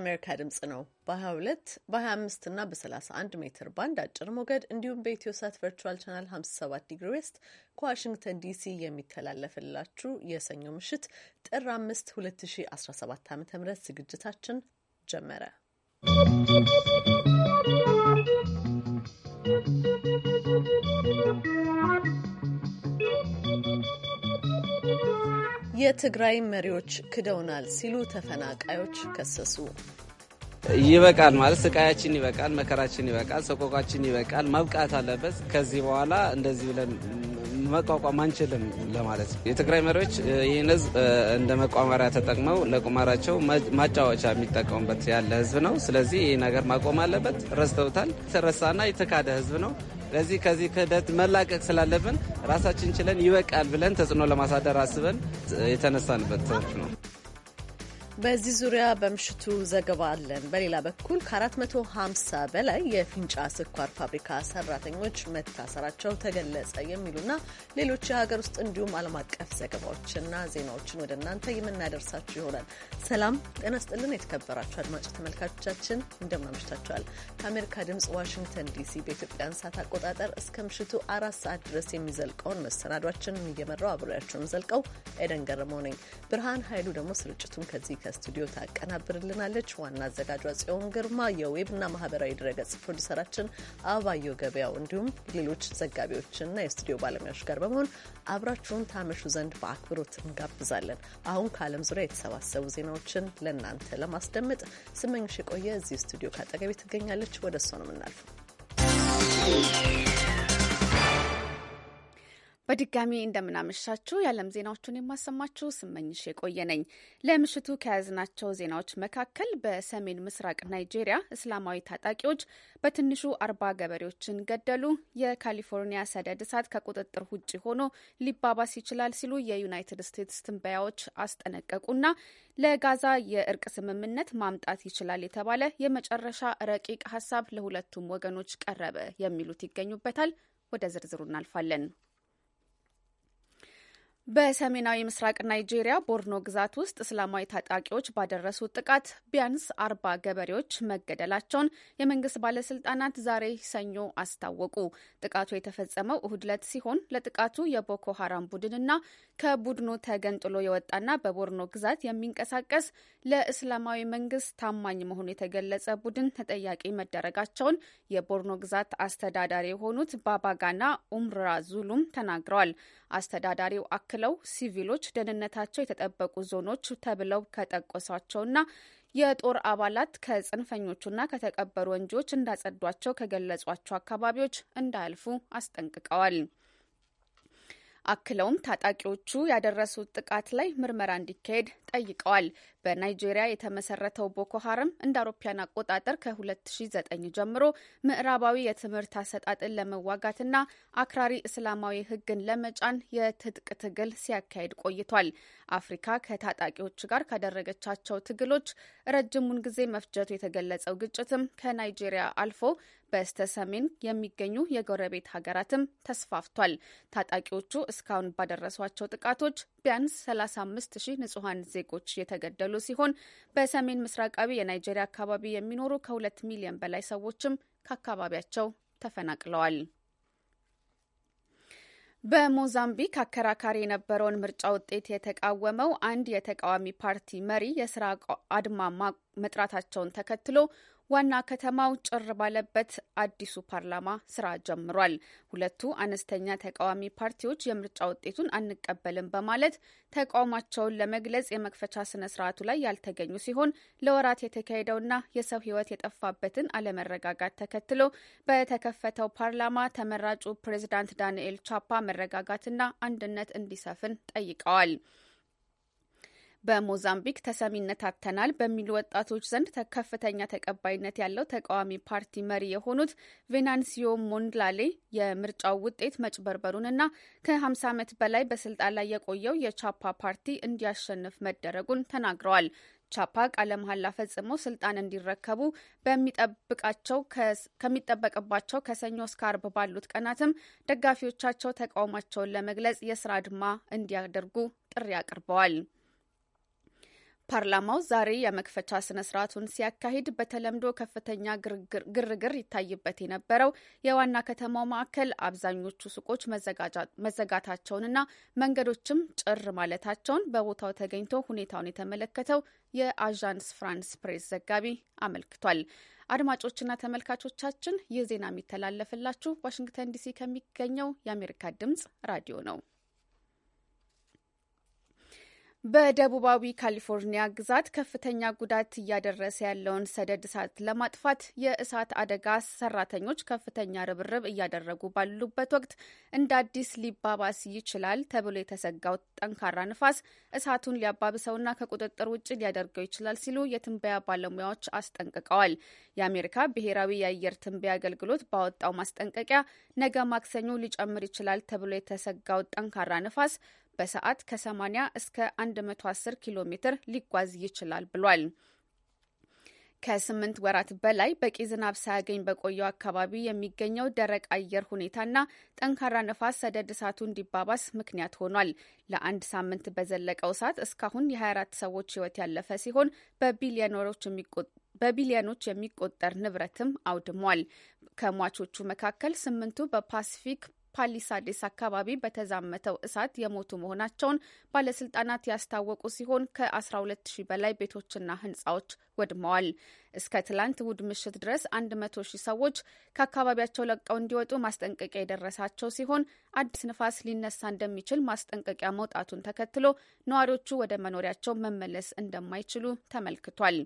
የአሜሪካ ድምጽ ነው። በ22 በ25 እና በ31 ሜትር ባንድ አጭር ሞገድ እንዲሁም በኢትዮ ሳት ቨርቹዋል ቻናል 57 ዲግሪ ዌስት ከዋሽንግተን ዲሲ የሚተላለፍላችሁ የሰኞ ምሽት ጥር 5 2017 ዓ ም ዝግጅታችን ጀመረ። የትግራይ መሪዎች ክደውናል ሲሉ ተፈናቃዮች ከሰሱ። ይበቃል ማለት ስቃያችን ይበቃል፣ መከራችን ይበቃል፣ ሰቆቃችን ይበቃል፣ መብቃት አለበት። ከዚህ በኋላ እንደዚህ ብለን መቋቋም አንችልም ለማለት የትግራይ መሪዎች ይህን ህዝብ እንደ መቋመሪያ ተጠቅመው ለቁማራቸው ማጫወቻ የሚጠቀሙበት ያለ ህዝብ ነው። ስለዚህ ይህ ነገር ማቆም አለበት። ረስተውታል። የተረሳና የተካደ ህዝብ ነው። ለዚህ ከዚህ ክህደት መላቀቅ ስላለብን ራሳችን ችለን ይበቃል ብለን ተጽዕኖ ለማሳደር አስበን የተነሳንበት ነው። በዚህ ዙሪያ በምሽቱ ዘገባ አለን። በሌላ በኩል ከ450 በላይ የፊንጫ ስኳር ፋብሪካ ሰራተኞች መታሰራቸው ተገለጸ የሚሉና ሌሎች የሀገር ውስጥ እንዲሁም ዓለም አቀፍ ዘገባዎችና ዜናዎችን ወደ እናንተ የምናደርሳችሁ ይሆናል። ሰላም ጤና ስጥልን። የተከበራችሁ አድማጭ ተመልካቾቻችን እንደምን ከአሜሪካ ድምጽ ዋሽንግተን ዲሲ በኢትዮጵያን ሰዓት አቆጣጠር እስከ ምሽቱ አራት ሰዓት ድረስ የሚዘልቀውን መሰናዷችንን እየመራው አብሬያቸውን ዘልቀው ኤደን ገረመው ነኝ። ብርሃን ኃይሉ ደግሞ ስርጭቱን ከዚህ ከስቱዲዮ ታቀናብርልናለች። ዋና አዘጋጇ ጽዮን ግርማ፣ የዌብና ማህበራዊ ድረገጽ ፕሮዲሰራችን አባዮ ገበያው እንዲሁም ሌሎች ዘጋቢዎችና የስቱዲዮ ባለሙያዎች ጋር በመሆን አብራችሁን ታመሹ ዘንድ በአክብሮት እንጋብዛለን። አሁን ከዓለም ዙሪያ የተሰባሰቡ ዜናዎችን ለእናንተ ለማስደመጥ ስመኝሽ የቆየ እዚህ ስቱዲዮ ካጠገቤ ትገኛለች። ወደ እሷ ነው የምናልፈው። በድጋሚ እንደምናመሻችሁ የዓለም ዜናዎቹን የማሰማችሁ ስመኝሽ የቆየ ነኝ። ለምሽቱ ከያዝናቸው ዜናዎች መካከል በሰሜን ምስራቅ ናይጄሪያ እስላማዊ ታጣቂዎች በትንሹ አርባ ገበሬዎችን ገደሉ፣ የካሊፎርኒያ ሰደድ እሳት ከቁጥጥር ውጭ ሆኖ ሊባባስ ይችላል ሲሉ የዩናይትድ ስቴትስ ትንበያዎች አስጠነቀቁና ለጋዛ የእርቅ ስምምነት ማምጣት ይችላል የተባለ የመጨረሻ ረቂቅ ሀሳብ ለሁለቱም ወገኖች ቀረበ የሚሉት ይገኙበታል። ወደ ዝርዝሩ እናልፋለን። በሰሜናዊ ምስራቅ ናይጄሪያ ቦርኖ ግዛት ውስጥ እስላማዊ ታጣቂዎች ባደረሱት ጥቃት ቢያንስ አርባ ገበሬዎች መገደላቸውን የመንግስት ባለስልጣናት ዛሬ ሰኞ አስታወቁ። ጥቃቱ የተፈጸመው እሁድ ዕለት ሲሆን ለጥቃቱ የቦኮ ሀራም ቡድንና ከቡድኑ ተገንጥሎ የወጣና በቦርኖ ግዛት የሚንቀሳቀስ ለእስላማዊ መንግስት ታማኝ መሆኑ የተገለጸ ቡድን ተጠያቂ መደረጋቸውን የቦርኖ ግዛት አስተዳዳሪ የሆኑት ባባጋና ኡምራ ዙሉም ተናግረዋል። አስተዳዳሪው አክለው ሲቪሎች ደህንነታቸው የተጠበቁ ዞኖች ተብለው ከጠቀሷቸውና የጦር አባላት ከጽንፈኞቹና ከተቀበሩ ወንጂዎች እንዳጸዷቸው ከገለጿቸው አካባቢዎች እንዳያልፉ አስጠንቅቀዋል። አክለውም ታጣቂዎቹ ያደረሱት ጥቃት ላይ ምርመራ እንዲካሄድ ጠይቀዋል። በናይጄሪያ የተመሰረተው ቦኮ ሀረም እንደ አውሮፓያን አቆጣጠር ከ2009 ጀምሮ ምዕራባዊ የትምህርት አሰጣጥን ለመዋጋትና አክራሪ እስላማዊ ሕግን ለመጫን የትጥቅ ትግል ሲያካሄድ ቆይቷል። አፍሪካ ከታጣቂዎች ጋር ካደረገቻቸው ትግሎች ረጅሙን ጊዜ መፍጀቱ የተገለጸው ግጭትም ከናይጄሪያ አልፎ በስተ ሰሜን የሚገኙ የጎረቤት ሀገራትም ተስፋፍቷል። ታጣቂዎቹ እስካሁን ባደረሷቸው ጥቃቶች ቢያንስ 35 ሺህ ንጹሐን ዜጎች የተገደሉ ሲሆን በሰሜን ምስራቃዊ የናይጄሪያ አካባቢ የሚኖሩ ከሁለት ሚሊዮን በላይ ሰዎችም ከአካባቢያቸው ተፈናቅለዋል። በሞዛምቢክ አከራካሪ የነበረውን ምርጫ ውጤት የተቃወመው አንድ የተቃዋሚ ፓርቲ መሪ የስራ አድማ መጥራታቸውን ተከትሎ ዋና ከተማው ጭር ባለበት አዲሱ ፓርላማ ስራ ጀምሯል። ሁለቱ አነስተኛ ተቃዋሚ ፓርቲዎች የምርጫ ውጤቱን አንቀበልም በማለት ተቃውሟቸውን ለመግለጽ የመክፈቻ ስነ ስርዓቱ ላይ ያልተገኙ ሲሆን ለወራት የተካሄደውና የሰው ሕይወት የጠፋበትን አለመረጋጋት ተከትሎ በተከፈተው ፓርላማ ተመራጩ ፕሬዚዳንት ዳንኤል ቻፓ መረጋጋትና አንድነት እንዲሰፍን ጠይቀዋል። በሞዛምቢክ ተሰሚነት አጥተናል በሚሉ ወጣቶች ዘንድ ከፍተኛ ተቀባይነት ያለው ተቃዋሚ ፓርቲ መሪ የሆኑት ቬናንሲዮ ሞንድላሌ የምርጫው ውጤት መጭበርበሩንና ከ50 ዓመት በላይ በስልጣን ላይ የቆየው የቻፓ ፓርቲ እንዲያሸንፍ መደረጉን ተናግረዋል። ቻፓ ቃለ መሐላ ፈጽመው ስልጣን እንዲረከቡ ከሚጠበቅባቸው ከሰኞ እስከ አርብ ባሉት ቀናትም ደጋፊዎቻቸው ተቃውሟቸውን ለመግለጽ የስራ አድማ እንዲያደርጉ ጥሪ አቅርበዋል። ፓርላማው ዛሬ የመክፈቻ ስነ ስርዓቱን ሲያካሂድ በተለምዶ ከፍተኛ ግርግር ይታይበት የነበረው የዋና ከተማው ማዕከል አብዛኞቹ ሱቆች መዘጋታቸውንና መንገዶችም ጭር ማለታቸውን በቦታው ተገኝቶ ሁኔታውን የተመለከተው የአዣንስ ፍራንስ ፕሬስ ዘጋቢ አመልክቷል። አድማጮችና ተመልካቾቻችን ይህ ዜና የሚተላለፍላችሁ ዋሽንግተን ዲሲ ከሚገኘው የአሜሪካ ድምጽ ራዲዮ ነው። በደቡባዊ ካሊፎርኒያ ግዛት ከፍተኛ ጉዳት እያደረሰ ያለውን ሰደድ እሳት ለማጥፋት የእሳት አደጋ ሰራተኞች ከፍተኛ ርብርብ እያደረጉ ባሉበት ወቅት እንደ አዲስ ሊባባስ ይችላል ተብሎ የተሰጋው ጠንካራ ንፋስ እሳቱን ሊያባብሰውና ከቁጥጥር ውጭ ሊያደርገው ይችላል ሲሉ የትንበያ ባለሙያዎች አስጠንቅቀዋል። የአሜሪካ ብሔራዊ የአየር ትንበያ አገልግሎት ባወጣው ማስጠንቀቂያ ነገ ማክሰኞ ሊጨምር ይችላል ተብሎ የተሰጋው ጠንካራ ንፋስ በሰዓት ከ80 እስከ 110 ኪሎ ሜትር ሊጓዝ ይችላል ብሏል። ከስምንት ወራት በላይ በቂ ዝናብ ሳያገኝ በቆየው አካባቢ የሚገኘው ደረቅ አየር ሁኔታና ጠንካራ ነፋስ ሰደድ እሳቱ እንዲባባስ ምክንያት ሆኗል። ለአንድ ሳምንት በዘለቀው እሳት እስካሁን የ24 ሰዎች ሕይወት ያለፈ ሲሆን በቢሊዮኖች የሚቆጠር ንብረትም አውድሟል። ከሟቾቹ መካከል ስምንቱ በፓሲፊክ ፓሊሳዴስ አካባቢ በተዛመተው እሳት የሞቱ መሆናቸውን ባለስልጣናት ያስታወቁ ሲሆን ከ12 በላይ ቤቶችና ህንፃዎች ወድመዋል። እስከ ትላንት እሁድ ምሽት ድረስ 100 ሺህ ሰዎች ከአካባቢያቸው ለቀው እንዲወጡ ማስጠንቀቂያ የደረሳቸው ሲሆን አዲስ ንፋስ ሊነሳ እንደሚችል ማስጠንቀቂያ መውጣቱን ተከትሎ ነዋሪዎቹ ወደ መኖሪያቸው መመለስ እንደማይችሉ ተመልክቷል።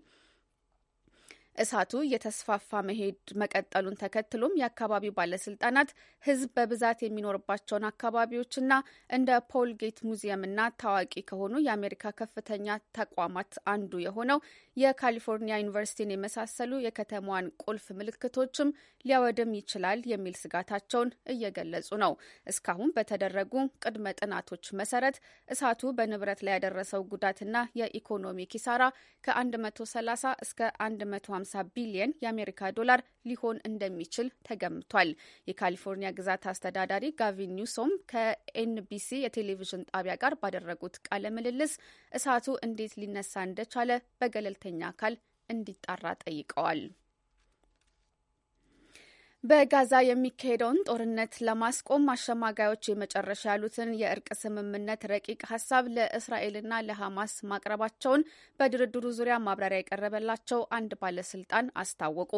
እሳቱ እየተስፋፋ መሄድ መቀጠሉን ተከትሎም የአካባቢው ባለስልጣናት ህዝብ በብዛት የሚኖርባቸውን አካባቢዎችና እንደ ፖል ጌት ሙዚየምና ታዋቂ ከሆኑ የአሜሪካ ከፍተኛ ተቋማት አንዱ የሆነው የካሊፎርኒያ ዩኒቨርሲቲን የመሳሰሉ የከተማዋን ቁልፍ ምልክቶችም ሊያወድም ይችላል የሚል ስጋታቸውን እየገለጹ ነው። እስካሁን በተደረጉ ቅድመ ጥናቶች መሰረት እሳቱ በንብረት ላይ ያደረሰው ጉዳትና የኢኮኖሚ ኪሳራ ከ130 እስከ 150 ቢሊየን የአሜሪካ ዶላር ሊሆን እንደሚችል ተገምቷል። የካሊፎርኒያ ግዛት አስተዳዳሪ ጋቪን ኒውሶም ከኤንቢሲ የቴሌቪዥን ጣቢያ ጋር ባደረጉት ቃለ ምልልስ እሳቱ እንዴት ሊነሳ እንደቻለ በገለል ገለልተኛ አካል እንዲጣራ ጠይቀዋል። በጋዛ የሚካሄደውን ጦርነት ለማስቆም አሸማጋዮች የመጨረሻ ያሉትን የእርቅ ስምምነት ረቂቅ ሀሳብ ለእስራኤልና ለሐማስ ማቅረባቸውን በድርድሩ ዙሪያ ማብራሪያ የቀረበላቸው አንድ ባለስልጣን አስታወቁ።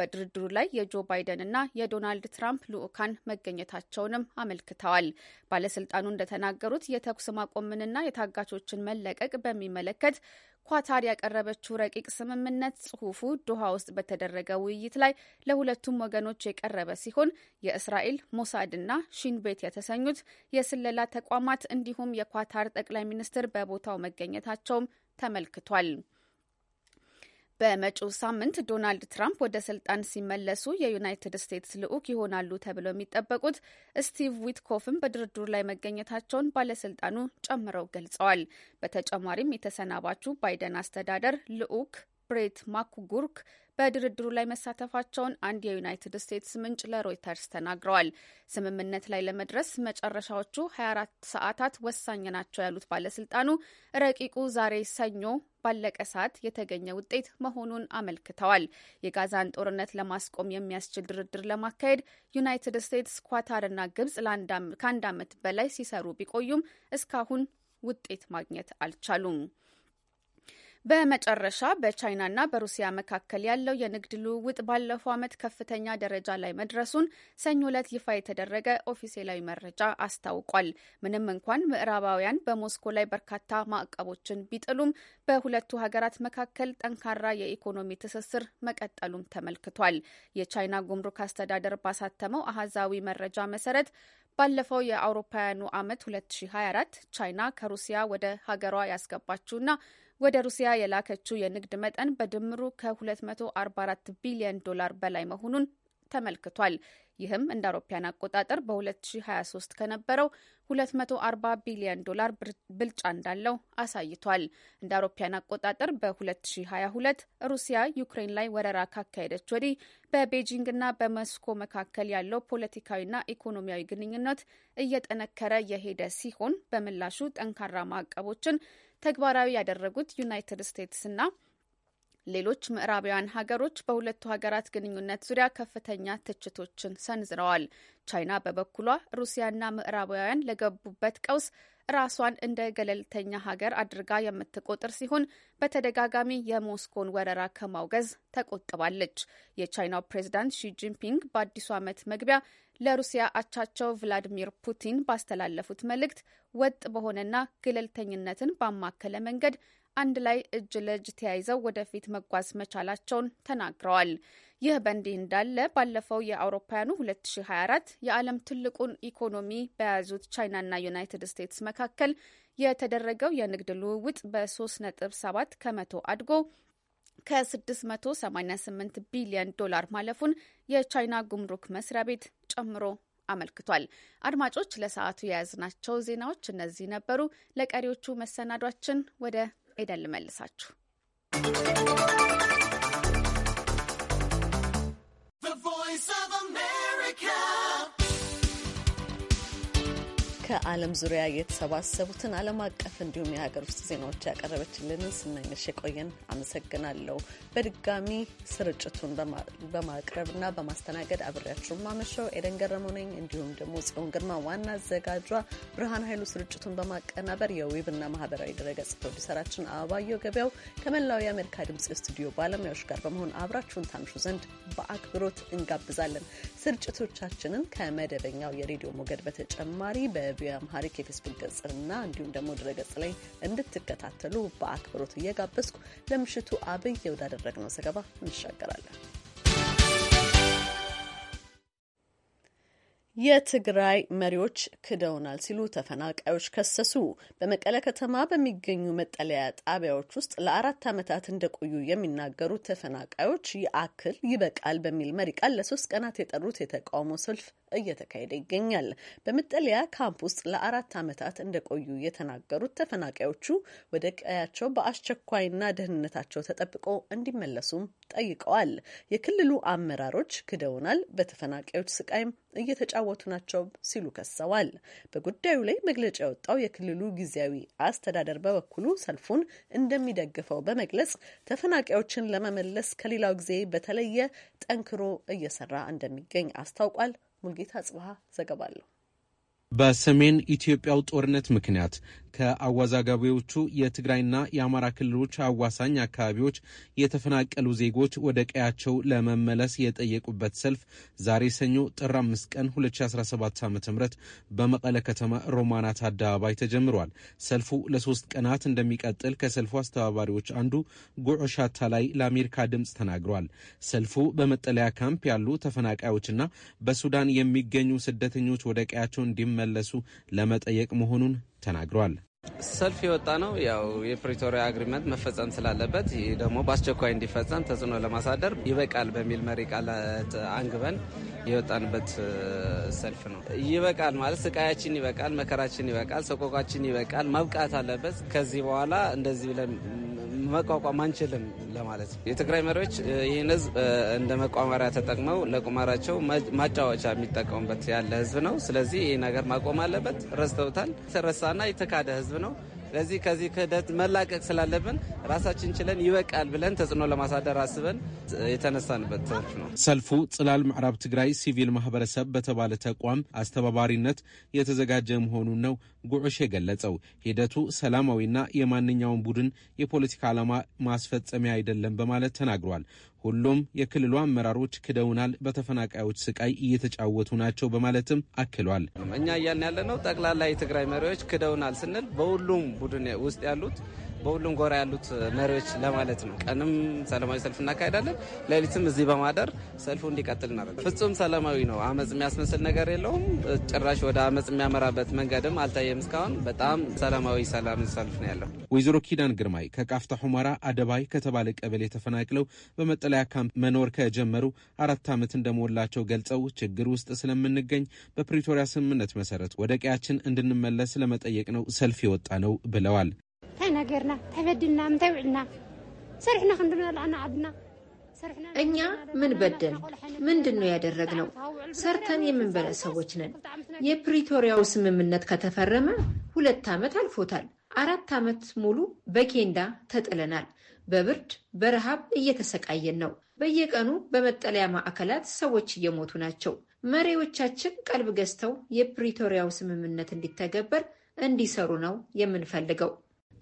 በድርድሩ ላይ የጆ ባይደንና የዶናልድ ትራምፕ ልዑካን መገኘታቸውንም አመልክተዋል። ባለስልጣኑ እንደተናገሩት የተኩስ ማቆምንና የታጋቾችን መለቀቅ በሚመለከት ኳታር ያቀረበችው ረቂቅ ስምምነት ጽሁፉ ዶሃ ውስጥ በተደረገ ውይይት ላይ ለሁለቱም ወገኖች የቀረበ ሲሆን የእስራኤል ሞሳድና ሺንቤት የተሰኙት የስለላ ተቋማት እንዲሁም የኳታር ጠቅላይ ሚኒስትር በቦታው መገኘታቸውም ተመልክቷል። በመጪው ሳምንት ዶናልድ ትራምፕ ወደ ስልጣን ሲመለሱ የዩናይትድ ስቴትስ ልዑክ ይሆናሉ ተብለው የሚጠበቁት ስቲቭ ዊትኮፍም በድርድሩ ላይ መገኘታቸውን ባለስልጣኑ ጨምረው ገልጸዋል። በተጨማሪም የተሰናባቹ ባይደን አስተዳደር ልዑክ ብሬት ማኩጉርክ በድርድሩ ላይ መሳተፋቸውን አንድ የዩናይትድ ስቴትስ ምንጭ ለሮይተርስ ተናግረዋል። ስምምነት ላይ ለመድረስ መጨረሻዎቹ 24 ሰዓታት ወሳኝ ናቸው ያሉት ባለስልጣኑ ረቂቁ ዛሬ ሰኞ ባለቀ ሰዓት የተገኘ ውጤት መሆኑን አመልክተዋል። የጋዛን ጦርነት ለማስቆም የሚያስችል ድርድር ለማካሄድ ዩናይትድ ስቴትስ፣ ኳታርና ግብጽ ከአንድ ዓመት በላይ ሲሰሩ ቢቆዩም እስካሁን ውጤት ማግኘት አልቻሉም። በመጨረሻ በቻይናና በሩሲያ መካከል ያለው የንግድ ልውውጥ ባለፈው ዓመት ከፍተኛ ደረጃ ላይ መድረሱን ሰኞ ዕለት ይፋ የተደረገ ኦፊሴላዊ መረጃ አስታውቋል። ምንም እንኳን ምዕራባውያን በሞስኮ ላይ በርካታ ማዕቀቦችን ቢጥሉም በሁለቱ ሀገራት መካከል ጠንካራ የኢኮኖሚ ትስስር መቀጠሉም ተመልክቷል። የቻይና ጉምሩክ አስተዳደር ባሳተመው አሃዛዊ መረጃ መሰረት ባለፈው የአውሮፓውያኑ ዓመት 2024 ቻይና ከሩሲያ ወደ ሀገሯ ያስገባችውና ወደ ሩሲያ የላከችው የንግድ መጠን በድምሩ ከ244 ቢሊዮን ዶላር በላይ መሆኑን ተመልክቷል። ይህም እንደ አውሮፓያን አቆጣጠር በ2023 ከነበረው 240 ቢሊዮን ዶላር ብልጫ እንዳለው አሳይቷል። እንደ አውሮፓያን አቆጣጠር በ2022 ሩሲያ ዩክሬን ላይ ወረራ ካካሄደች ወዲህ በቤጂንግና በሞስኮ መካከል ያለው ፖለቲካዊና ኢኮኖሚያዊ ግንኙነት እየጠነከረ የሄደ ሲሆን በምላሹ ጠንካራ ማዕቀቦችን ተግባራዊ ያደረጉት ዩናይትድ ስቴትስና ሌሎች ምዕራባውያን ሀገሮች በሁለቱ ሀገራት ግንኙነት ዙሪያ ከፍተኛ ትችቶችን ሰንዝረዋል። ቻይና በበኩሏ ሩሲያና ምዕራባውያን ለገቡበት ቀውስ ራሷን እንደ ገለልተኛ ሀገር አድርጋ የምትቆጥር ሲሆን በተደጋጋሚ የሞስኮን ወረራ ከማውገዝ ተቆጥባለች። የቻይናው ፕሬዚዳንት ሺጂንፒንግ በአዲሱ ዓመት መግቢያ ለሩሲያ አቻቸው ቭላዲሚር ፑቲን ባስተላለፉት መልእክት ወጥ በሆነና ገለልተኝነትን ባማከለ መንገድ አንድ ላይ እጅ ለእጅ ተያይዘው ወደፊት መጓዝ መቻላቸውን ተናግረዋል። ይህ በእንዲህ እንዳለ ባለፈው የአውሮፓውያኑ 2024 የዓለም ትልቁን ኢኮኖሚ በያዙት ቻይናና ዩናይትድ ስቴትስ መካከል የተደረገው የንግድ ልውውጥ በ3.7 ከመቶ አድጎ ከ688 ቢሊዮን ዶላር ማለፉን የቻይና ጉምሩክ መስሪያ ቤት ጨምሮ አመልክቷል። አድማጮች ለሰዓቱ የያዝናቸው ዜናዎች እነዚህ ነበሩ። ለቀሪዎቹ መሰናዷችን ወደ ኤደን ልመልሳችሁ። ከዓለም ዙሪያ የተሰባሰቡትን ዓለም አቀፍ እንዲሁም የሀገር ውስጥ ዜናዎች ያቀረበችልንን ስመኝሽ የቆየን አመሰግናለሁ። በድጋሚ ስርጭቱን በማቅረብና በማስተናገድ አብሬያችሁ ማመሻው ኤደን ገረመው ነኝ። እንዲሁም ደግሞ ጽዮን ግርማ ዋና አዘጋጇ፣ ብርሃን ኃይሉ ስርጭቱን በማቀናበር የዌብና ማህበራዊ ድረገጽ ፕሮዲሰራችን አበባየው ገበያው ከመላው የአሜሪካ ድምጽ ስቱዲዮ ባለሙያዎች ጋር በመሆን አብራችሁን ታምሹ ዘንድ በአክብሮት እንጋብዛለን። ስርጭቶቻችንን ከመደበኛው የሬዲዮ ሞገድ በተጨማሪ ቪኦኤ አምሃሪክ የፌስቡክ ገጽና እንዲሁም ደግሞ ድረገጽ ላይ እንድትከታተሉ በአክብሮት እየጋበዝኩ ለምሽቱ አብይ ወዳደረግነው ዘገባ እንሻገራለን። የትግራይ መሪዎች ክደውናል ሲሉ ተፈናቃዮች ከሰሱ። በመቀለ ከተማ በሚገኙ መጠለያ ጣቢያዎች ውስጥ ለአራት ዓመታት እንደቆዩ የሚናገሩ ተፈናቃዮች የአክል ይበቃል በሚል መሪ ቃል ለሶስት ቀናት የጠሩት የተቃውሞ ሰልፍ እየተካሄደ ይገኛል። በመጠለያ ካምፕ ውስጥ ለአራት ዓመታት እንደቆዩ የተናገሩት ተፈናቃዮቹ ወደ ቀያቸው በአስቸኳይና ደህንነታቸው ተጠብቆ እንዲመለሱም ጠይቀዋል። የክልሉ አመራሮች ክደውናል፣ በተፈናቃዮች ስቃይም እየተጫወቱ ናቸው ሲሉ ከሰዋል። በጉዳዩ ላይ መግለጫ የወጣው የክልሉ ጊዜያዊ አስተዳደር በበኩሉ ሰልፉን እንደሚደግፈው በመግለጽ ተፈናቃዮችን ለመመለስ ከሌላው ጊዜ በተለየ ጠንክሮ እየሰራ እንደሚገኝ አስታውቋል። ሙልጌታ ጽብሃ ዘገባ አለው። በሰሜን ኢትዮጵያው ጦርነት ምክንያት ከአዋዛጋቢዎቹ የትግራይና የአማራ ክልሎች አዋሳኝ አካባቢዎች የተፈናቀሉ ዜጎች ወደ ቀያቸው ለመመለስ የጠየቁበት ሰልፍ ዛሬ ሰኞ ጥር 5 ቀን 2017 ዓ ም በመቀለ ከተማ ሮማናት አደባባይ ተጀምሯል። ሰልፉ ለሶስት ቀናት እንደሚቀጥል ከሰልፉ አስተባባሪዎች አንዱ ጉዑ ሻታ ላይ ለአሜሪካ ድምፅ ተናግሯል። ሰልፉ በመጠለያ ካምፕ ያሉ ተፈናቃዮችና በሱዳን የሚገኙ ስደተኞች ወደ ቀያቸው እንዲመለሱ ለመጠየቅ መሆኑን ተናግሯል። ሰልፍ የወጣ ነው። ያው የፕሪቶሪያ አግሪመንት መፈጸም ስላለበት ይህ ደግሞ በአስቸኳይ እንዲፈጸም ተጽዕኖ ለማሳደር ይበቃል በሚል መሪ ቃላት አንግበን የወጣንበት ሰልፍ ነው። ይበቃል ማለት ስቃያችን ይበቃል፣ መከራችን ይበቃል፣ ሰቆቃችን ይበቃል፣ መብቃት አለበት። ከዚህ በኋላ እንደዚህ ብለን መቋቋም አንችልም ለማለት ነው። የትግራይ መሪዎች ይህን ህዝብ እንደ መቋመሪያ ተጠቅመው ለቁማራቸው ማጫወቻ የሚጠቀሙበት ያለ ህዝብ ነው። ስለዚህ ይህን ነገር ማቆም አለበት። ረስተውታል። የተረሳና የተካደ ህዝብ ህዝብ ነው። ስለዚህ ከዚህ ክህደት መላቀቅ ስላለብን ራሳችን ችለን ይበቃል ብለን ተጽዕኖ ለማሳደር አስበን የተነሳንበት ሰልፍ ነው። ሰልፉ ጽላል ምዕራብ ትግራይ ሲቪል ማህበረሰብ በተባለ ተቋም አስተባባሪነት የተዘጋጀ መሆኑን ነው ጉዑሽ የገለጸው። ሂደቱ ሰላማዊና የማንኛውም ቡድን የፖለቲካ ዓላማ ማስፈጸሚያ አይደለም በማለት ተናግሯል። ሁሉም የክልሉ አመራሮች ክደውናል፣ በተፈናቃዮች ስቃይ እየተጫወቱ ናቸው በማለትም አክሏል። እኛ እያልን ያለነው ጠቅላላ የትግራይ መሪዎች ክደውናል ስንል በሁሉም ቡድን ውስጥ ያሉት በሁሉም ጎራ ያሉት መሪዎች ለማለት ነው። ቀንም ሰላማዊ ሰልፍ እናካሄዳለን፣ ሌሊትም እዚህ በማደር ሰልፉ እንዲቀጥል እናደርጋለን። ፍጹም ሰላማዊ ነው። አመፅ የሚያስመስል ነገር የለውም። ጭራሽ ወደ አመፅ የሚያመራበት መንገድም አልታየም። እስካሁን በጣም ሰላማዊ ሰላም ሰልፍ ነው ያለው። ወይዘሮ ኪዳን ግርማይ ከቃፍታ ሁመራ አደባይ ከተባለ ቀበሌ ተፈናቅለው በመጠለያ ካምፕ መኖር ከጀመሩ አራት ዓመት እንደሞላቸው ገልጸው ችግር ውስጥ ስለምንገኝ በፕሪቶሪያ ስምምነት መሰረት ወደ ቀያችን እንድንመለስ ለመጠየቅ ነው ሰልፍ የወጣ ነው ብለዋል። ተናገርና ተበድልና ውዕልና ሰሪሕና ክንድናለዓና ዓድና እኛ ምን በደል ምንድን ነው ያደረግነው? ሰርተን የምንበላ ሰዎች ነን። የፕሪቶሪያው ስምምነት ከተፈረመ ሁለት ዓመት አልፎታል። አራት ዓመት ሙሉ በኬንዳ ተጥለናል። በብርድ በረሃብ እየተሰቃየን ነው። በየቀኑ በመጠለያ ማዕከላት ሰዎች እየሞቱ ናቸው። መሪዎቻችን ቀልብ ገዝተው የፕሪቶሪያው ስምምነት እንዲተገበር እንዲሰሩ ነው የምንፈልገው።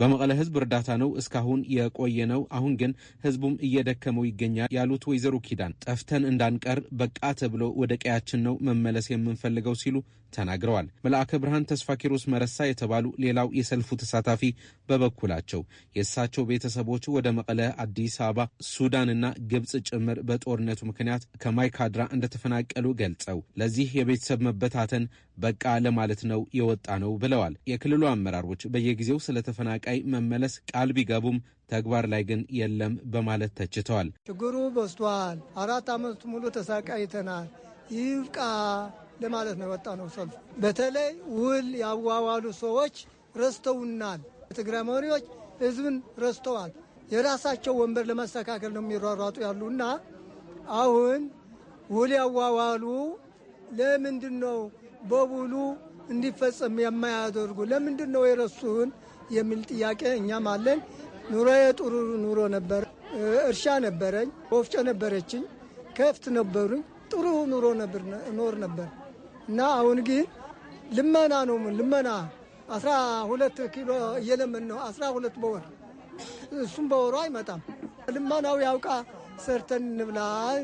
በመቀለ ህዝብ እርዳታ ነው እስካሁን የቆየ ነው። አሁን ግን ህዝቡም እየደከመው ይገኛል ያሉት ወይዘሮ ኪዳን ጠፍተን እንዳንቀር በቃ ተብሎ ወደ ቀያችን ነው መመለስ የምንፈልገው ሲሉ ተናግረዋል። መልአከ ብርሃን ተስፋ ኪሮስ መረሳ የተባሉ ሌላው የሰልፉ ተሳታፊ በበኩላቸው የእሳቸው ቤተሰቦች ወደ መቀለ፣ አዲስ አበባ፣ ሱዳንና ግብፅ ጭምር በጦርነቱ ምክንያት ከማይካድራ እንደተፈናቀሉ ገልጸው ለዚህ የቤተሰብ መበታተን በቃ ለማለት ነው የወጣ ነው ብለዋል። የክልሉ አመራሮች በየጊዜው ስለ ተፈናቃይ መመለስ ቃል ቢገቡም ተግባር ላይ ግን የለም በማለት ተችተዋል። ችግሩ በዝቷል። አራት ዓመት ሙሉ ተሰቃይተናል። ይብቃ ለማለት ነው የወጣ ነው ሰልፍ። በተለይ ውል ያዋዋሉ ሰዎች ረስተውናል። የትግራይ መሪዎች ህዝብን ረስተዋል። የራሳቸው ወንበር ለማስተካከል ነው የሚሯሯጡ ያሉና አሁን ውል ያዋዋሉ ለምንድን ነው በውሉ እንዲፈጸም የማያደርጉ ለምንድን ነው የረሱን የሚል ጥያቄ እኛም አለን። ኑሮ ጥሩ ኑሮ ነበር። እርሻ ነበረኝ፣ ወፍጮ ነበረችኝ፣ ከፍት ነበሩኝ። ጥሩ ኑሮ ኖር ነበር እና አሁን ግን ልመና ነው። ምን ልመና አስራ ሁለት ኪሎ እየለመን ነው አስራ ሁለት በወር እሱም በወሩ አይመጣም። ልመናው ያውቃ ሰርተን እንብላ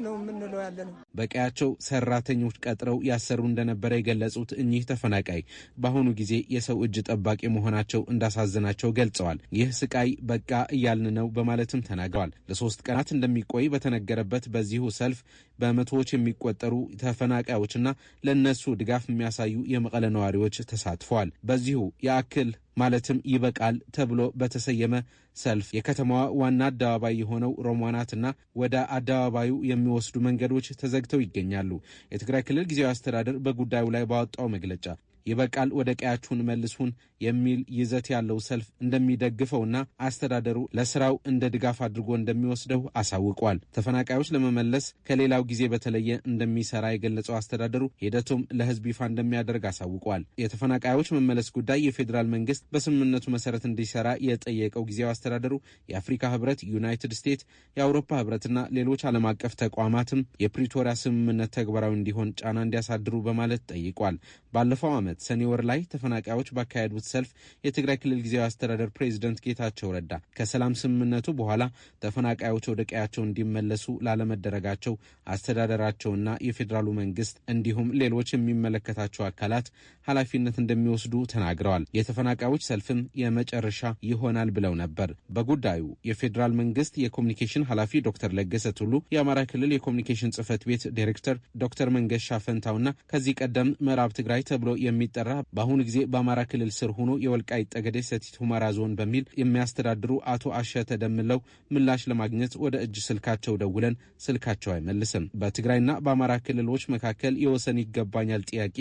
ነው የምንለው ያለ ነው። በቀያቸው ሰራተኞች ቀጥረው ያሰሩ እንደነበረ የገለጹት እኚህ ተፈናቃይ በአሁኑ ጊዜ የሰው እጅ ጠባቂ መሆናቸው እንዳሳዘናቸው ገልጸዋል። ይህ ስቃይ በቃ እያልን ነው በማለትም ተናግረዋል። ለሶስት ቀናት እንደሚቆይ በተነገረበት በዚሁ ሰልፍ በመቶዎች የሚቆጠሩ ተፈናቃዮችና ለእነሱ ድጋፍ የሚያሳዩ የመቀለ ነዋሪዎች ተሳትፈዋል። በዚሁ የአክል ማለትም ይበቃል ተብሎ በተሰየመ ሰልፍ የከተማዋ ዋና አደባባይ የሆነው ሮማናትና ወደ አደባባዩ የሚወስዱ መንገዶች ተዘ ተዘግተው ይገኛሉ። የትግራይ ክልል ጊዜያዊ አስተዳደር በጉዳዩ ላይ ባወጣው መግለጫ ይበቃል፣ ወደ ቀያችሁን መልሱን የሚል ይዘት ያለው ሰልፍ እንደሚደግፈውና አስተዳደሩ ለስራው እንደ ድጋፍ አድርጎ እንደሚወስደው አሳውቋል። ተፈናቃዮች ለመመለስ ከሌላው ጊዜ በተለየ እንደሚሰራ የገለጸው አስተዳደሩ ሂደቱም ለህዝብ ይፋ እንደሚያደርግ አሳውቋል። የተፈናቃዮች መመለስ ጉዳይ የፌዴራል መንግስት በስምምነቱ መሰረት እንዲሰራ የጠየቀው ጊዜያዊ አስተዳደሩ የአፍሪካ ህብረት፣ ዩናይትድ ስቴትስ፣ የአውሮፓ ህብረትና ሌሎች ዓለም አቀፍ ተቋማትም የፕሪቶሪያ ስምምነት ተግባራዊ እንዲሆን ጫና እንዲያሳድሩ በማለት ጠይቋል። ባለፈው ዓመት ሰኔ ወር ላይ ተፈናቃዮች ባካሄዱት ሰልፍ የትግራይ ክልል ጊዜያዊ አስተዳደር ፕሬዚደንት ጌታቸው ረዳ ከሰላም ስምምነቱ በኋላ ተፈናቃዮች ወደ ቀያቸው እንዲመለሱ ላለመደረጋቸው አስተዳደራቸውና የፌዴራሉ መንግስት እንዲሁም ሌሎች የሚመለከታቸው አካላት ኃላፊነት እንደሚወስዱ ተናግረዋል። የተፈናቃዮች ሰልፍም የመጨረሻ ይሆናል ብለው ነበር። በጉዳዩ የፌዴራል መንግስት የኮሚኒኬሽን ኃላፊ ዶክተር ለገሰ ቱሉ፣ የአማራ ክልል የኮሚኒኬሽን ጽህፈት ቤት ዲሬክተር ዶክተር መንገሻ ፈንታውና ከዚህ ቀደም ምዕራብ ትግራይ ተብሎ የሚጠራ በአሁኑ ጊዜ በአማራ ክልል ስር ሆኖ የወልቃይ ጠገዴ ሰቲት ሁመራ ዞን በሚል የሚያስተዳድሩ አቶ አሸተ ደምለው ምላሽ ለማግኘት ወደ እጅ ስልካቸው ደውለን ስልካቸው አይመልስም። በትግራይና በአማራ ክልሎች መካከል የወሰን ይገባኛል ጥያቄ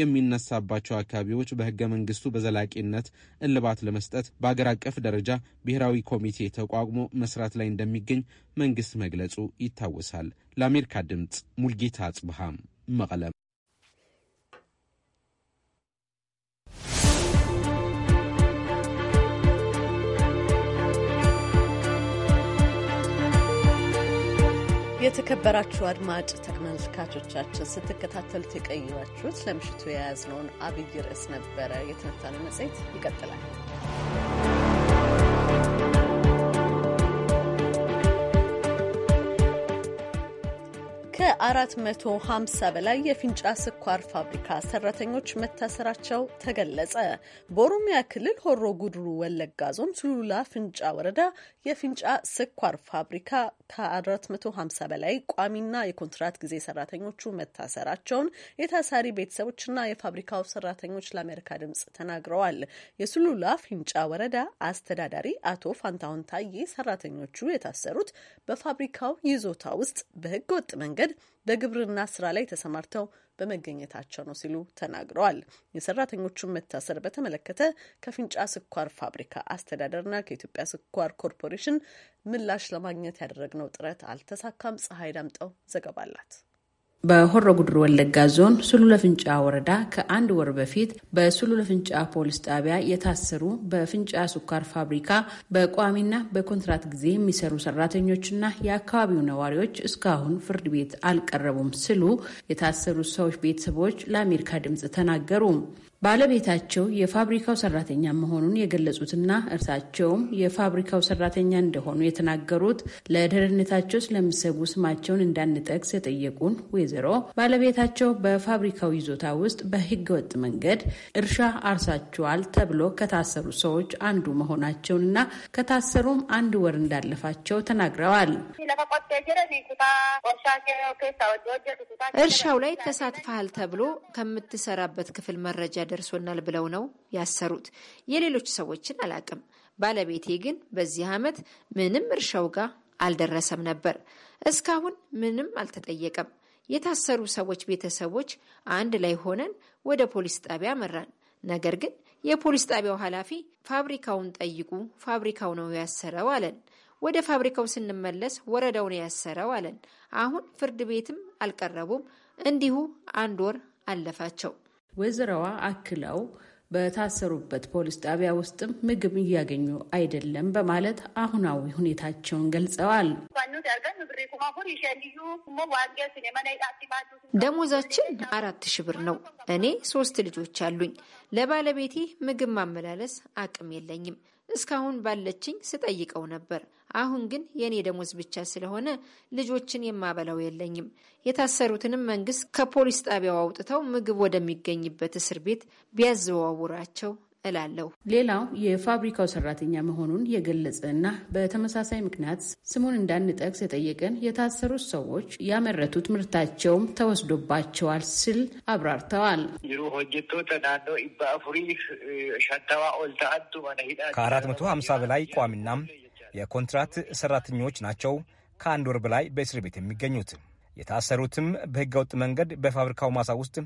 የሚነሳባቸው አካባቢዎች በህገ መንግስቱ በዘላቂነት እልባት ለመስጠት በአገር አቀፍ ደረጃ ብሔራዊ ኮሚቴ ተቋቁሞ መስራት ላይ እንደሚገኝ መንግስት መግለጹ ይታወሳል። ለአሜሪካ ድምፅ ሙልጌታ አጽብሃም መቀለም የተከበራችሁ አድማጭ ተመልካቾቻችን ስትከታተሉት የቀየባችሁት ለምሽቱ የያዝነውን አብይ ርዕስ ነበረ። የትንታኔ መጽሔት ይቀጥላል። ከ450 በላይ የፊንጫ ስኳር ፋብሪካ ሰራተኞች መታሰራቸው ተገለጸ። በኦሮሚያ ክልል ሆሮ ጉድሩ ወለጋ ዞን ሱሉላ ፍንጫ ወረዳ የፊንጫ ስኳር ፋብሪካ ከ450 በላይ ቋሚና የኮንትራት ጊዜ ሰራተኞቹ መታሰራቸውን የታሳሪ ቤተሰቦችና የፋብሪካው ሰራተኞች ለአሜሪካ ድምጽ ተናግረዋል። የሱሉላ ፊንጫ ወረዳ አስተዳዳሪ አቶ ፋንታሁን ታዬ ሰራተኞቹ የታሰሩት በፋብሪካው ይዞታ ውስጥ በህገወጥ መንገድ በግብርና ስራ ላይ ተሰማርተው በመገኘታቸው ነው ሲሉ ተናግረዋል። የሰራተኞቹን መታሰር በተመለከተ ከፍንጫ ስኳር ፋብሪካ አስተዳደርና ከኢትዮጵያ ስኳር ኮርፖሬሽን ምላሽ ለማግኘት ያደረግነው ጥረት አልተሳካም። ፀሐይ ዳምጠው ዘገባ አላት። በሆሮ ጉድር ወለጋ ዞን ሱሉለ ፍንጫ ወረዳ ከአንድ ወር በፊት በሱሉለ ፍንጫ ፖሊስ ጣቢያ የታሰሩ በፍንጫ ስኳር ፋብሪካ በቋሚና በኮንትራት ጊዜ የሚሰሩ ሰራተኞችና የአካባቢው ነዋሪዎች እስካሁን ፍርድ ቤት አልቀረቡም ሲሉ የታሰሩ ሰዎች ቤተሰቦች ለአሜሪካ ድምፅ ተናገሩ። ባለቤታቸው የፋብሪካው ሰራተኛ መሆኑን የገለጹትና እርሳቸውም የፋብሪካው ሰራተኛ እንደሆኑ የተናገሩት ለደህንነታቸው ስለሚሰጉ ስማቸውን እንዳንጠቅስ የጠየቁን ወይዘሮ ባለቤታቸው በፋብሪካው ይዞታ ውስጥ በህገወጥ መንገድ እርሻ አርሳቸዋል ተብሎ ከታሰሩ ሰዎች አንዱ መሆናቸውንና ከታሰሩም አንድ ወር እንዳለፋቸው ተናግረዋል። እርሻው ላይ ተሳትፈሃል ተብሎ ከምትሰራበት ክፍል መረጃ ደርሶናል ብለው ነው ያሰሩት። የሌሎች ሰዎችን አላቅም። ባለቤቴ ግን በዚህ ዓመት ምንም እርሻው ጋር አልደረሰም ነበር። እስካሁን ምንም አልተጠየቀም። የታሰሩ ሰዎች ቤተሰቦች አንድ ላይ ሆነን ወደ ፖሊስ ጣቢያ መራን። ነገር ግን የፖሊስ ጣቢያው ኃላፊ ፋብሪካውን ጠይቁ፣ ፋብሪካው ነው ያሰረው አለን። ወደ ፋብሪካው ስንመለስ ወረዳው ነው ያሰረው አለን። አሁን ፍርድ ቤትም አልቀረቡም። እንዲሁ አንድ ወር አለፋቸው። ወይዘሮዋ አክለው በታሰሩበት ፖሊስ ጣቢያ ውስጥም ምግብ እያገኙ አይደለም በማለት አሁናዊ ሁኔታቸውን ገልጸዋል። ደሞዛችን አራት ሺ ብር ነው። እኔ ሶስት ልጆች አሉኝ። ለባለቤቴ ምግብ ማመላለስ አቅም የለኝም። እስካሁን ባለችኝ ስጠይቀው ነበር አሁን ግን የእኔ ደሞዝ ብቻ ስለሆነ ልጆችን የማበላው የለኝም። የታሰሩትንም መንግስት ከፖሊስ ጣቢያው አውጥተው ምግብ ወደሚገኝበት እስር ቤት ቢያዘዋውራቸው እላለሁ። ሌላው የፋብሪካው ሰራተኛ መሆኑን የገለጸ እና በተመሳሳይ ምክንያት ስሙን እንዳንጠቅስ የጠየቀን የታሰሩት ሰዎች ያመረቱት ምርታቸውም ተወስዶባቸዋል ስል አብራርተዋል። ከአራት መቶ ሀምሳ በላይ ቋሚናም የኮንትራት ሰራተኞች ናቸው ከአንድ ወር በላይ በእስር ቤት የሚገኙት። የታሰሩትም በህገ ወጥ መንገድ በፋብሪካው ማሳ ውስጥ